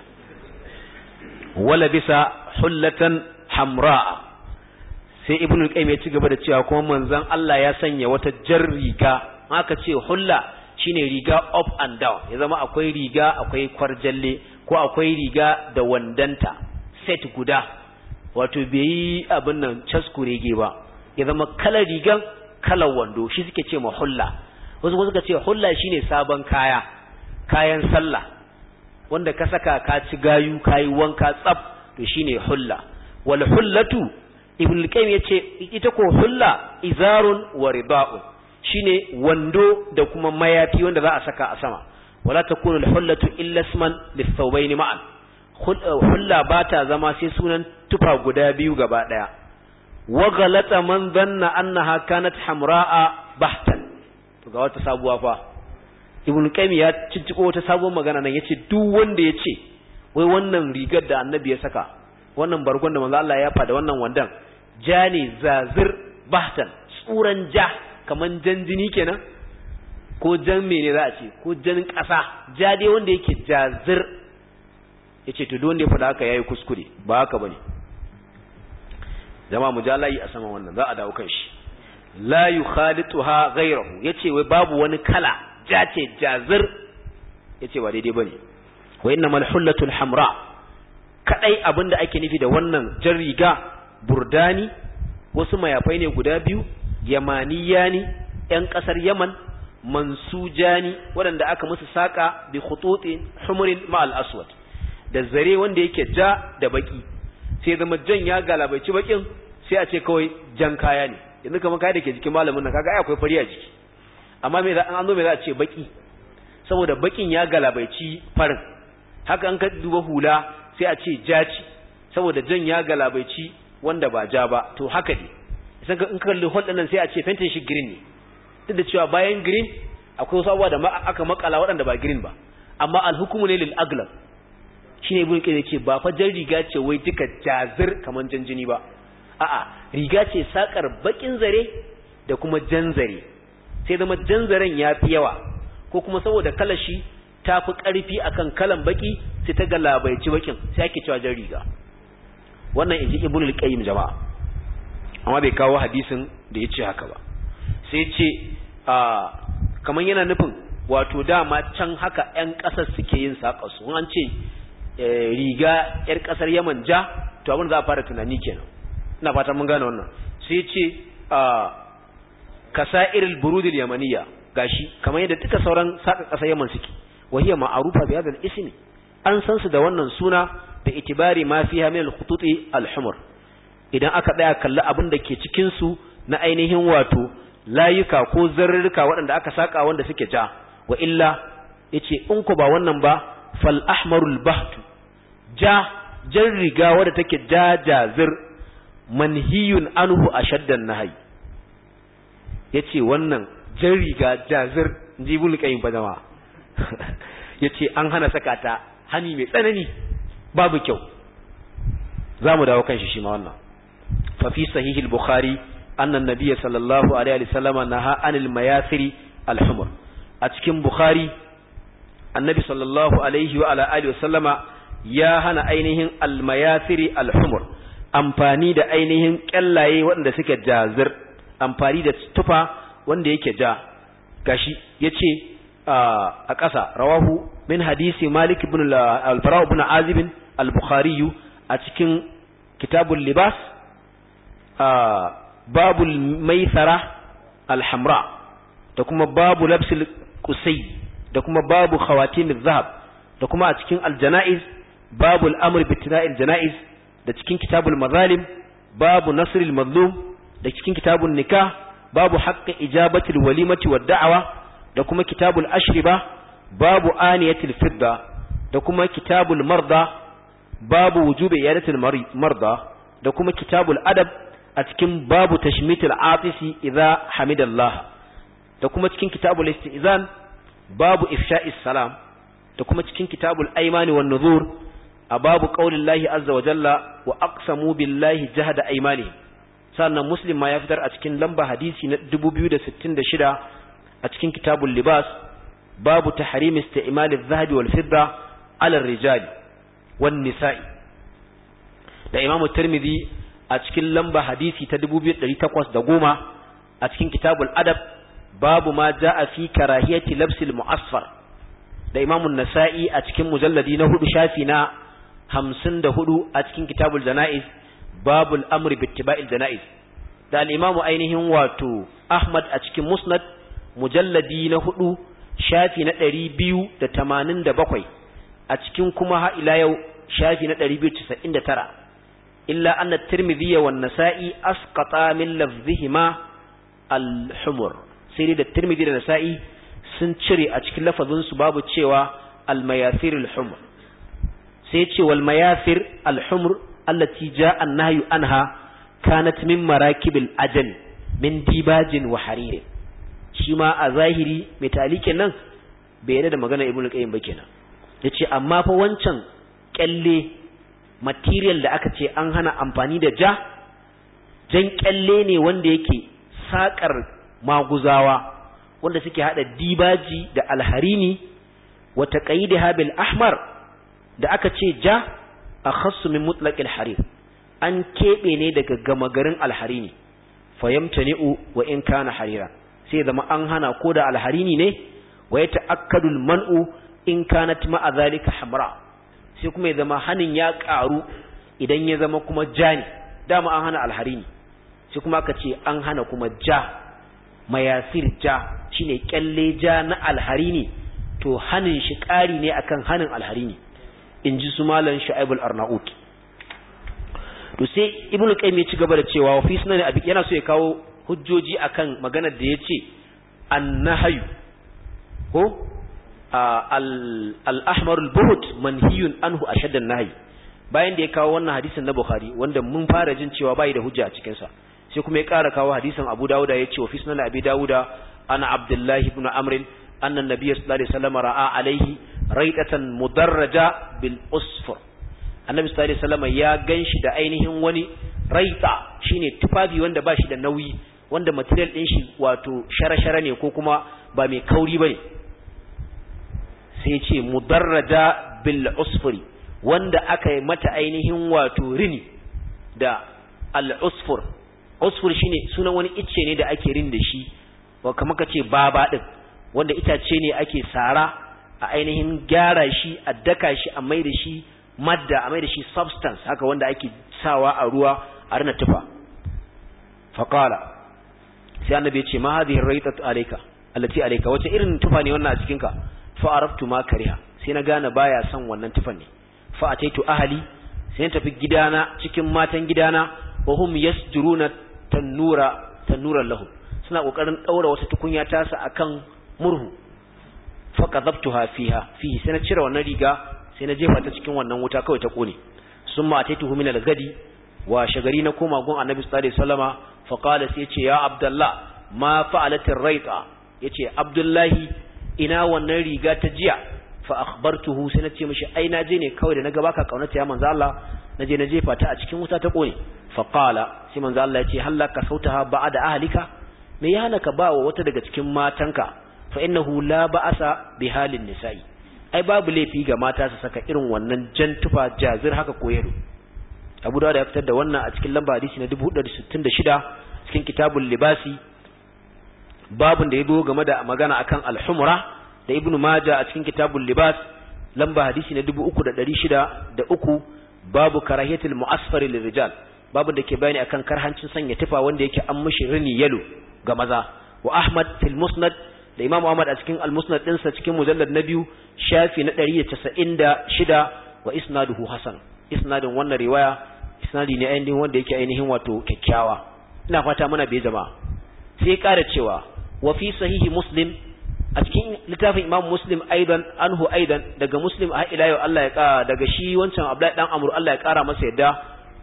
wala bisa hullatan hamra sai ibn al-qayyim ya ci gaba da cewa kuma manzon Allah ya sanya wata jar riga aka ce hulla shine riga up and down ya zama akwai riga akwai kwarjalle ko akwai riga da wandanta set guda wato bai yi abin nan caskurege ba ya zama kalar rigan kalar wando shi suke ce ma hulla wasu kuma suka ce hulla shine sabon kaya kayan sallah wanda ka saka ka ci gayu kayi wanka tsaf to shine hulla wal hullatu ibn al-qayyim yace ita ko hulla izarun wa rida'un shine wando da kuma mayafi wanda za a saka a sama wala takunu al-hullatu illa isman lis-thawbayn ma'an eh, hulla bata zama sai sunan tufa guda biyu gaba daya wa ghalata man dhanna annaha kanat hamra'a bahtan to ga wata sabuwa fa ibn qayyim ya cinciko wata sabuwar magana nan yace duk wanda yace wai wannan rigar da annabi ya saka wannan bargon da manzo Allah ya fada wannan wandan jani zazir bahtan tsuran ja kaman jan jini kenan ko jan mene za a ce ko jan ƙasa ja dai wanda yake jazir yace to duk wanda ya fada haka yayi kuskure ba haka bane jama'a mujallai a sama wannan za a dawo kan shi la yukhalituha ghayruhu yace wai babu wani kala ja ce jazir yace ba daidai bane wa innamal hullatul hamra kadai abinda ake nufi da wannan jan riga burdani wasu mayafai ne guda biyu yamaniyani yan kasar yaman mansujani waɗanda aka musu saƙa bi khututin humurin ma'al aswad da zare wanda yake ja da baki sai zama jan ya galabaci bakin sai a ce kawai jan kaya ne yanzu kamar kai da ke jikin malamin nan kaga ai akwai fari a jiki amma me za an zo me za a ce baki saboda bakin ya galabaici farin haka an ka duba hula sai a ce jaci saboda jan ya galabaici wanda ba ja ba to haka ne san ka in ka kalli hol nan sai a ce fentin shi green ne duk da cewa bayan green akwai wasu abubuwa da aka makala waɗanda ba green ba amma alhukumu ne lil aglab shine ibn qayyim yake ba fa jan riga ce wai duka jazir kamar jan jini ba a'a riga ce sakar bakin zare da kuma jan zare sai zama jan zaren ya fi yawa ko kuma saboda kalashi ta fi ƙarfi akan kalan baki sai ta galabaici bakin sai ake cewa jan riga wannan inji ibnu qayyim jama'a amma bai kawo hadisin da ya ce haka ba sai ce a kaman yana nufin wato dama can haka ƴan ƙasar suke yin saƙa su an ce eh, riga ƴar ƙasar Yaman ja to abin za a fara tunani kenan ina fatan mun gane wannan sai ce a kasairil burudil yamaniya gashi kamar yadda duka sauran saka kasa yaman suke wahiya ma'arufa bi hadal ismi an san su da wannan suna da itibari ma fiha min al-khututi al idan aka tsaya kalli abin da ke cikin su na ainihin wato layuka ko zarrurruka waɗanda aka saka wanda suke ja wa illa yace in ba wannan ba fal ahmarul bahtu ja jan riga wadda take jazir. manhiyun anhu ashaddan nahyi yace wannan jan ga jazir jibul qayyim badama yace an hana sakata hani mai tsanani babu kyau zamu dawo kan shi shi ma wannan fa fi sahih al-bukhari anna an-nabiy sallallahu alaihi wasallama naha anil mayasiri al-humr a cikin bukhari annabi sallallahu alaihi wa ala alihi wasallama ya hana ainihin al-mayasiri al-humr amfani da ainihin kyallaye waɗanda suke jazir amfani da tufa wanda yake ja gashi yace a ƙasa rawahu min hadisi malik ibn al-farah ibn azib al-bukhari a cikin kitabul libas babul maithara al-hamra da kuma babu labsil qusay da kuma babu khawatim zahab da kuma a cikin al-janaiz babul amr bi janaiz da cikin kitabul mazalim babu nasril mazlum da cikin kitabun nikah babu haqqi ijabatil walimati wad da'awa da kuma kitabul ashriba babu aniyatil fidda da kuma kitabul marda babu wujubi iyadatil marda da kuma kitabul adab a cikin babu tashmitil atisi idza hamidallah da kuma cikin kitabul istizan babu ifsha'is salam da kuma cikin kitabul aymani wan nuzur a babu qaulillahi azza wa jalla wa aksamu billahi jahada aymani sannan muslim ma ya fitar a cikin lamba hadisi na 2066 a cikin kitabun libas babu ta isti'mal adh-dhahab wal fidda ala rijali wan nisa'i da imamu tirmidhi a cikin lamba hadisi ta 2810 a cikin kitabul adab babu ma jaa fi karahiyati labsil mu'asfar da imamun nasa'i a cikin mujalladi na hudu shafi na hamsin da hudu a cikin kitabul jana'iz babul amri bittiba'il jana'iz da al'imamu ainihin wato ahmad a cikin musnad mujalladi na hudu shafi na ɗari biyu da tamanin da bakwai a cikin kuma haila yau shafi na ɗari biyu casa'in da tara illa anna tirmidhi wa nasa'i asqata min lafzihima al sai sai da tirmidhi da nasa'i sun cire a cikin lafazin su babu cewa al humur sai ce wal mayafir al humr allati jaa an-nahyu anha kanat min marakibil ajal min dibajin wa harir shi ma a zahiri mai talikin nan bai yarda da magana ibnu qayyim ba kenan yace amma fa wancan kyalle material da aka ce an hana amfani da ja jan kyalle ne wanda yake sakar maguzawa wanda suke hada dibaji da alharini wa taqayidaha bil ahmar da aka ce ja a khassu min mutlaqil harir an keɓe ne daga gama garin alharini u wa in kana harira sai zama an hana ko da alharini ne wa ya ta'akkadul man'u in kana ma'a zalika hamra sai kuma ya zama hanin ya ƙaru idan ya zama kuma ja ne dama an hana alharini sai kuma aka ce an hana kuma ja mayasir ja shine kyalle ja na alharini to hanin shi ƙari ne akan hanin alharini in ji su malan sha'ibul arnaut to sai ibn qayyim ya ci gaba da cewa fi sunan abi yana so ya kawo hujjoji akan maganar da yace annahyu ko al-ahmar al-buhut manhiyun anhu ashadda an-nahy bayan da ya kawo wannan hadisin na bukhari wanda mun fara jin cewa bai da hujja a cikin sa sai kuma ya ƙara kawo hadisin abu dauda ya ce wa fi sunan abi dawuda ana abdullahi ibn amr anna nabiyyu sallallahu alaihi wasallam ra'a alaihi raidatan mudarraja bil usfur annabi sallallahu alaihi wasallam ya ganshi da ainihin wani raita shine tufafi wanda ba shi da nauyi wanda material din shi wato shara-shara ne ko kuma ba mai kauri bane sai ce mudarraja bil usfuri wanda aka yi mata ainihin wato rini da al usfur usfur shine sunan wani icce ne da ake rin da shi wa kamar kace baba din wanda itace ne ake sara a ainihin gyara shi a daka shi a mai da shi madda a mai da shi substance haka wanda ake sawa a ruwa a rana tufa Faƙala sai annabi ya ce ma hadhihi raitat alayka allati alayka wace irin tufa ne wannan a cikin ka fa araftu ma kariha sai na gane baya son wannan tufan ne fa ataitu ahli sai tafi gidana cikin matan gidana wa hum yasduruna tannura tannuran lahum suna kokarin daura wata tukunya sa akan murhu fa kadhabtuha fiha fi sai na cire wannan riga sai na jefa ta cikin wannan wuta kawai ta kone summa ataituhu min al-gadi wa shagari na koma gun annabi sallallahu alaihi wasallama fa sai yace ya abdullah ma fa'alat ar-raita yace abdullahi ina wannan riga ta jiya fa akhbartuhu sai na ce mishi ai na je ne kawai da naga baka kaunata ya manzo Allah na je na jefa ta a cikin wuta ta kone fa qala sai manzo Allah yace hallaka sautaha ba'da ahlika me ya ka ba wata daga cikin matanka fa innahu la ba'asa bi halin nisa'i ai babu laifi ga mata su saka irin wannan jan tufa jazir haka ko yaro Abu da ya fitar da wannan a cikin lamba hadisi na 1466 cikin kitabul libasi babun da yazo game da magana akan al-humra da Ibn Majah a cikin kitabul libas lamba hadisi na 3603 babu karahiyatul mu'asfari lirijal Babu da ke bayani akan karhancin sanya tufa wanda yake an mashi rini yalo ga maza wa Ahmad fil Musnad da Imam Ahmad a cikin Al-Musnad cikin mujallar na biyu shafi na ɗari da da casa'in shida wa isnaduhu hasan isnadin wannan riwaya isnadi ne ainihin wanda yake ainihin wato kyakkyawa ina fata mana bai jama'a sai ƙara cewa wa fi sahihi Muslim a cikin littafin Imam Muslim aidan anhu aidan daga Muslim a ila yau Allah ya ƙara daga shi wancan Abdullahi dan Amr Allah ya ƙara masa yadda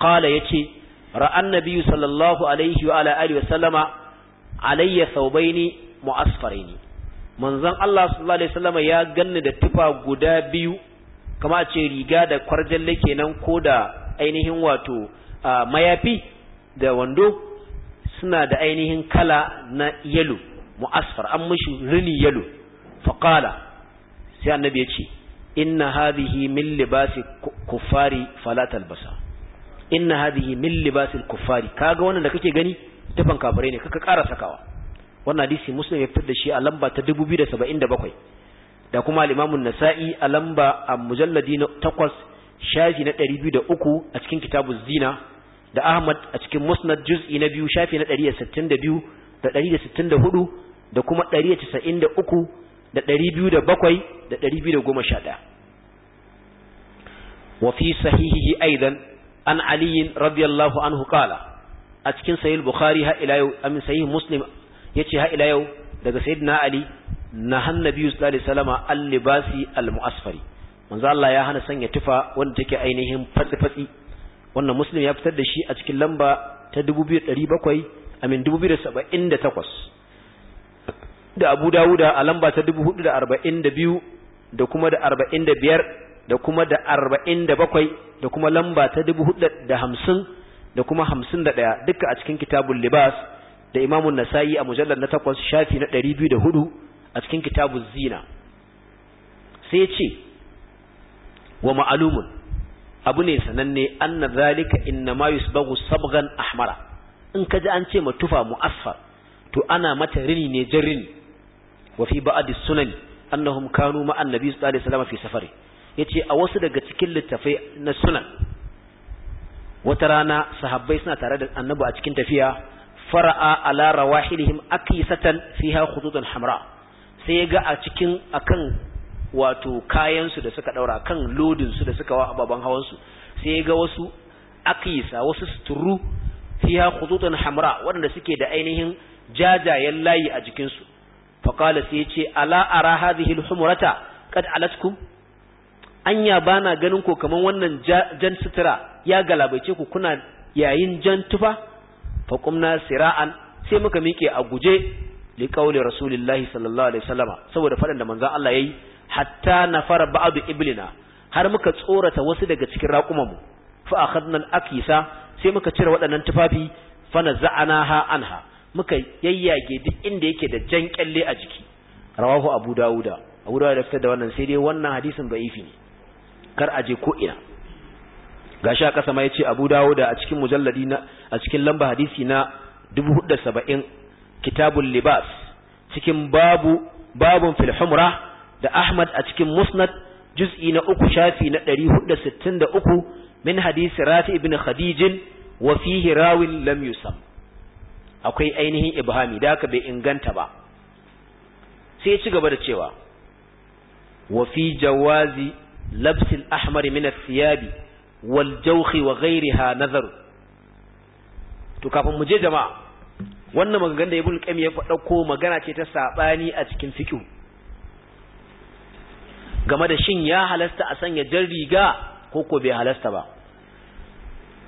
qala yace ra'an nabiyyu sallallahu alaihi wa ala alihi wa sallama alayya thawbaini ne manzon Allah sallallahu alaihi wasallam ya ganni da tufa guda biyu kama ce riga da kwarjalle kenan ko da ainihin wato mayafi da wando suna da ainihin kala na yalo mu'asfar an mushi rini yalo faqala sai annabi ya ce inna hadhihi min libasi kuffari fala talbasa inna hadhihi min libasi kuffari kaga wannan da kake gani tufan kafirai ne kaka ƙara sakawa wannan hadisi muslim ya fitar da shi a lamba ta 2077 da kuma al-imam an-nasa'i a lamba a mujalladi na 8 shafi na 203 a cikin kitabu zina da ahmad a cikin musnad juz'i na biyu shafi na 162 da 164 da kuma 193 da 207 da 211 wa fi sahihihi aidan an ali radiyallahu anhu qala a cikin sahih bukhari ha ila yau amin sahih muslim yace ha ila yau daga sayyidina ali na hannabi sallallahu alaihi wasallama al-libasi al-mu'asfari manzo Allah ya hana sanya tufa wanda take ainihin fatsi fatsi wannan muslim ya fitar da shi a cikin lamba ta 2700 amin 2078 da Abu Dawuda a lamba ta 442 da kuma da 45 da kuma da 47 da kuma lamba ta 450 da kuma 51 duka a cikin kitabul libas da imamun Nasayi a mujallar na takwas shafi na ɗari biyu da hudu a cikin kitabun zina sai ce wa ma'alumun abu ne sananne anna zalika inna ma yusbagu sabgan ahmara in ka ji an ce ma tufa mu'asfar to ana mata rini ne jan rini wa fi ba'd sunani annahum kanu ma annabi sallallahu alaihi wasallam fi safari yace a wasu daga cikin littafai na sunan wata rana sahabbai suna tare da annabi a cikin tafiya fara'a ala rawahilihim akisatan fiha khududun hamra sai ya ga a cikin akan wato kayan su da suka daura kan lodin su da suka wa ababan hawan su sai ya ga wasu akisa wasu suturu fiha khududun hamra wanda suke da ainihin jajayen layi a jikin su fa qala sai ya ce ala ara hadhihi alhumrata kad alatkum anya bana ganin ko kaman wannan jan sutura ya galabaice ku kuna yayin jan tufa faqumna sira'an sai muka miƙe a guje li qawli sallallahu alaihi wasallama saboda fadan da manzon Allah yi hatta nafara ba'adu iblina har muka tsorata wasu daga cikin raƙumanmu fa akhadna al-akisa sai muka cire waɗannan tufafi fa naza'anaha anha muka yayyage duk inda yake da jan kyalle a jiki rawahu abu dawuda abu dawuda da da wannan sai dai wannan hadisin da'ifi ne kar aje ko ina gashi a ƙasa ma yace Abu da a cikin mujalladi na a cikin lamba hadisi na 470 kitabun Libas cikin babu babun fil da Ahmad a cikin Musnad juz'i na uku shafi na 463 min hadisi Rafi ibn Khadij wa fihi rawin lam yusam akwai ainihin ibhami da haka bai inganta ba sai ci gaba da cewa wa fi jawazi labsil ahmar min wal jawhi wa ghairiha nazar to kafin mu je jama'a wannan maganganun da ibn qayyim ya ko magana ce ta sabani a cikin fiqh game da shin ya halasta a sanya jan riga ko ko bai halasta ba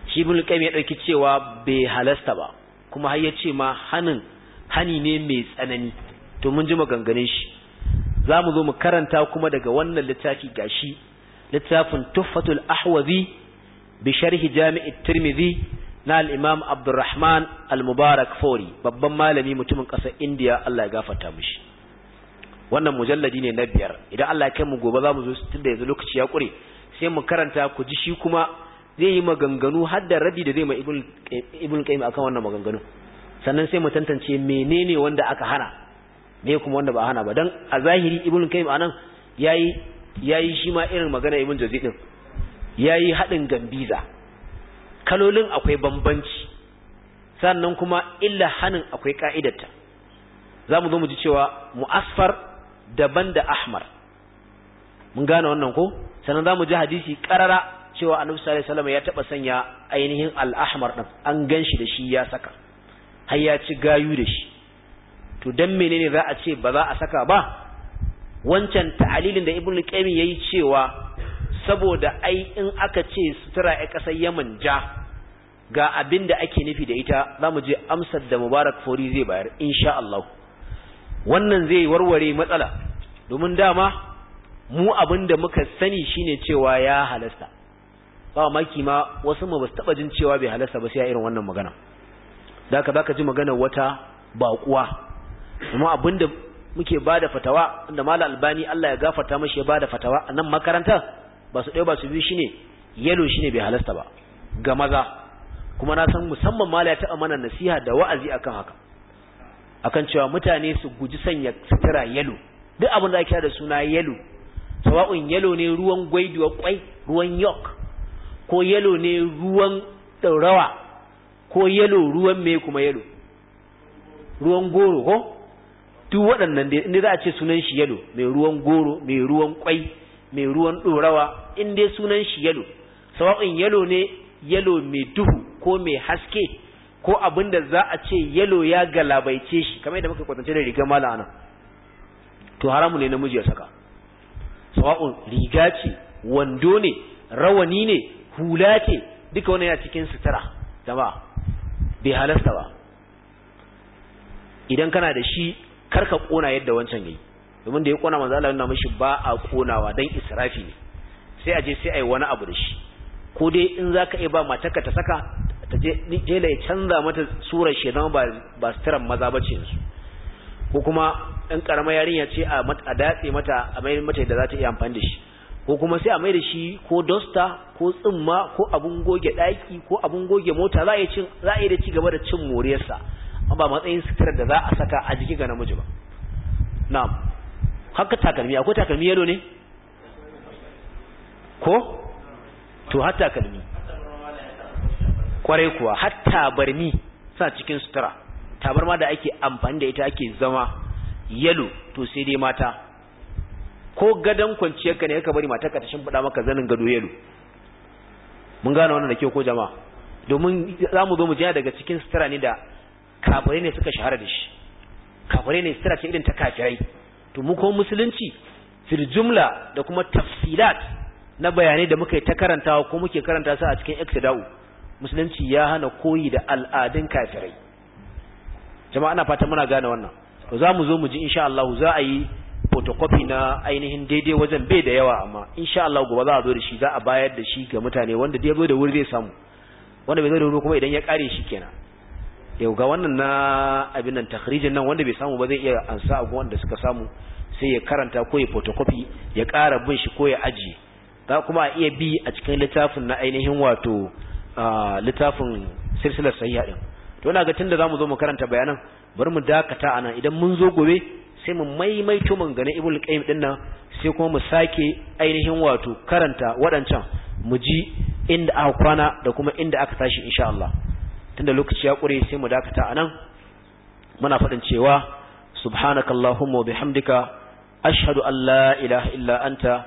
shi ibn qayyim ya dauki cewa bai halasta ba kuma har yace ma hanin hani ne mai tsanani to mun ji maganganun shi zamu zo mu karanta kuma daga wannan littafi gashi littafin tuffatul ahwazi bi sharhi jami'i tirmidhi na al Abdulrahman abdurrahman al-mubarak fori babban malami mutumin ƙasar indiya Allah ya gafarta wannan mujalladi ne na biyar idan Allah ya kai mu gobe za mu zo tunda yanzu lokaci ya kure sai mu karanta ku ji shi kuma zai yi maganganu har da da zai ma ibn qayyim akan wannan maganganu sannan sai mu tantance menene wanda aka hana me kuma wanda ba hana ba dan a zahiri ibn qayyim anan yayi yayi shi ma irin magana ibn jazi din ya yi haɗin gambiza kalolin akwai bambanci sannan kuma illa hannun akwai ƙa'idarta za mu zo mu ji cewa mu'asfar daban da ahmar mun gane wannan ko sannan za mu ji hadisi ƙarara cewa annabi sallallahu alaihi wasallam ya taɓa sanya ainihin al'ahmar ɗin an gan shi da shi ya saka har ya ci gayu da shi to dan menene za a ce ba za a saka ba wancan ta'alilin da ibnu qayyim yayi cewa saboda ai in aka ce sutura a ƙasar yaman ja ga abin da ake nufi da ita za mu je amsar da mubarak fori zai bayar insha Allah wannan zai warware matsala domin dama mu abin da muka sani shine cewa ya halasta ba maki ma wasu mu basu taba jin cewa bai halasta ba sai irin wannan magana da ka baka ji magana wata baƙuwa amma abinda muke bada fatawa inda mallam albani Allah ya gafarta mashi ya bada fatawa a nan makarantar ba su ɗaya ba su biyu shine yalo shine bai halasta ba ga maza kuma na san musamman mala ya taɓa mana nasiha da wa'azi akan haka akan cewa mutane su guji sanya sutura yalo duk abin da ake da suna yalo sawa'un yalo ne ruwan gwaiduwa kwai ruwan yok ko yalo ne ruwan ɗaurawa ko yalo ruwan me kuma yalo ruwan goro ko duk waɗannan da za a ce sunan shi yalo mai ruwan goro mai ruwan kwai mai ruwan ɗorawa in dai sunan shi yalo sawa'in yalo ne yalo mai duhu ko mai haske ko abin da za a ce yalo ya galabaice shi kamar yadda muka kwatance da rigar mala ana to haramu ne namiji ya saka sawa'un riga ce wando ne rawani ne hula ce duka wannan yana cikin sutura jama'a bai halasta ba idan kana da shi karka kona yadda wancan yayi domin da ya kona manzo Allah yana mishi ba a konawa dan israfi ne sai a je sai a yi wani abu da shi ko dai in za ka iya ba matarka ta saka ta je jela ya canza mata surar shi zama ba suturan maza ba ce su ko kuma ɗan ƙarama yarinya ce a datse mata a mai mata da za ta iya amfani da shi ko kuma sai a mai da shi ko dosta ko tsimma ko abun goge daki ko abun goge mota za a yi da ci gaba da cin moriyarsa amma ba matsayin suturar da za a saka a jiki ga namiji ba na'am haka takalmi akwai takalmi yalo ne ko to hatta kalmi kwarai kuwa hatta barmi sa cikin sutura tabarma da ake amfani da ita ake zama yalo to sai dai mata ko gadon kwanciyar ka ne ka bari mata katashin fada maka zanin gado yalo mun gane wannan da ke ko jama'a domin za mu zo mu jiya daga cikin sutura ne da kafare ne suka shahara da shi kafare ne sutura ce irin ta kafirai to mu ko musulunci fil jumla da kuma tafsilat na bayanai da muka yi ta karanta ko muke karanta su a cikin iktida'u musulunci ya hana koyi da al'adun kafirai jama'a ana fata muna gane wannan to za mu zo mu ji insha Allah za a yi photocopy na ainihin daidai wajen bai da yawa amma insha Allah gobe za a zo da shi za a bayar da shi ga mutane wanda da zo da wuri zai samu wanda bai zo da wuri kuma idan ya kare shi kenan yau ga wannan na abin nan takhrijin nan wanda bai samu ba zai iya ansa a wanda suka samu sai ya karanta ko ya photocopy ya ƙara bin shi ko ya ajiye za kuma a iya bi a cikin littafin na ainihin wato littafin silsilar sahiha din to ina ga tunda zamu zo mu karanta bayanan bari mu dakata anan idan mun zo gobe sai mu maimaito gane ibul qayyim din nan sai kuma mu sake ainihin wato karanta waɗancan mu ji inda aka kwana da kuma inda aka tashi insha Allah tunda lokaci ya kure sai mu dakata anan muna faɗin cewa subhanakallahumma wa bihamdika ashhadu an la ilaha illa anta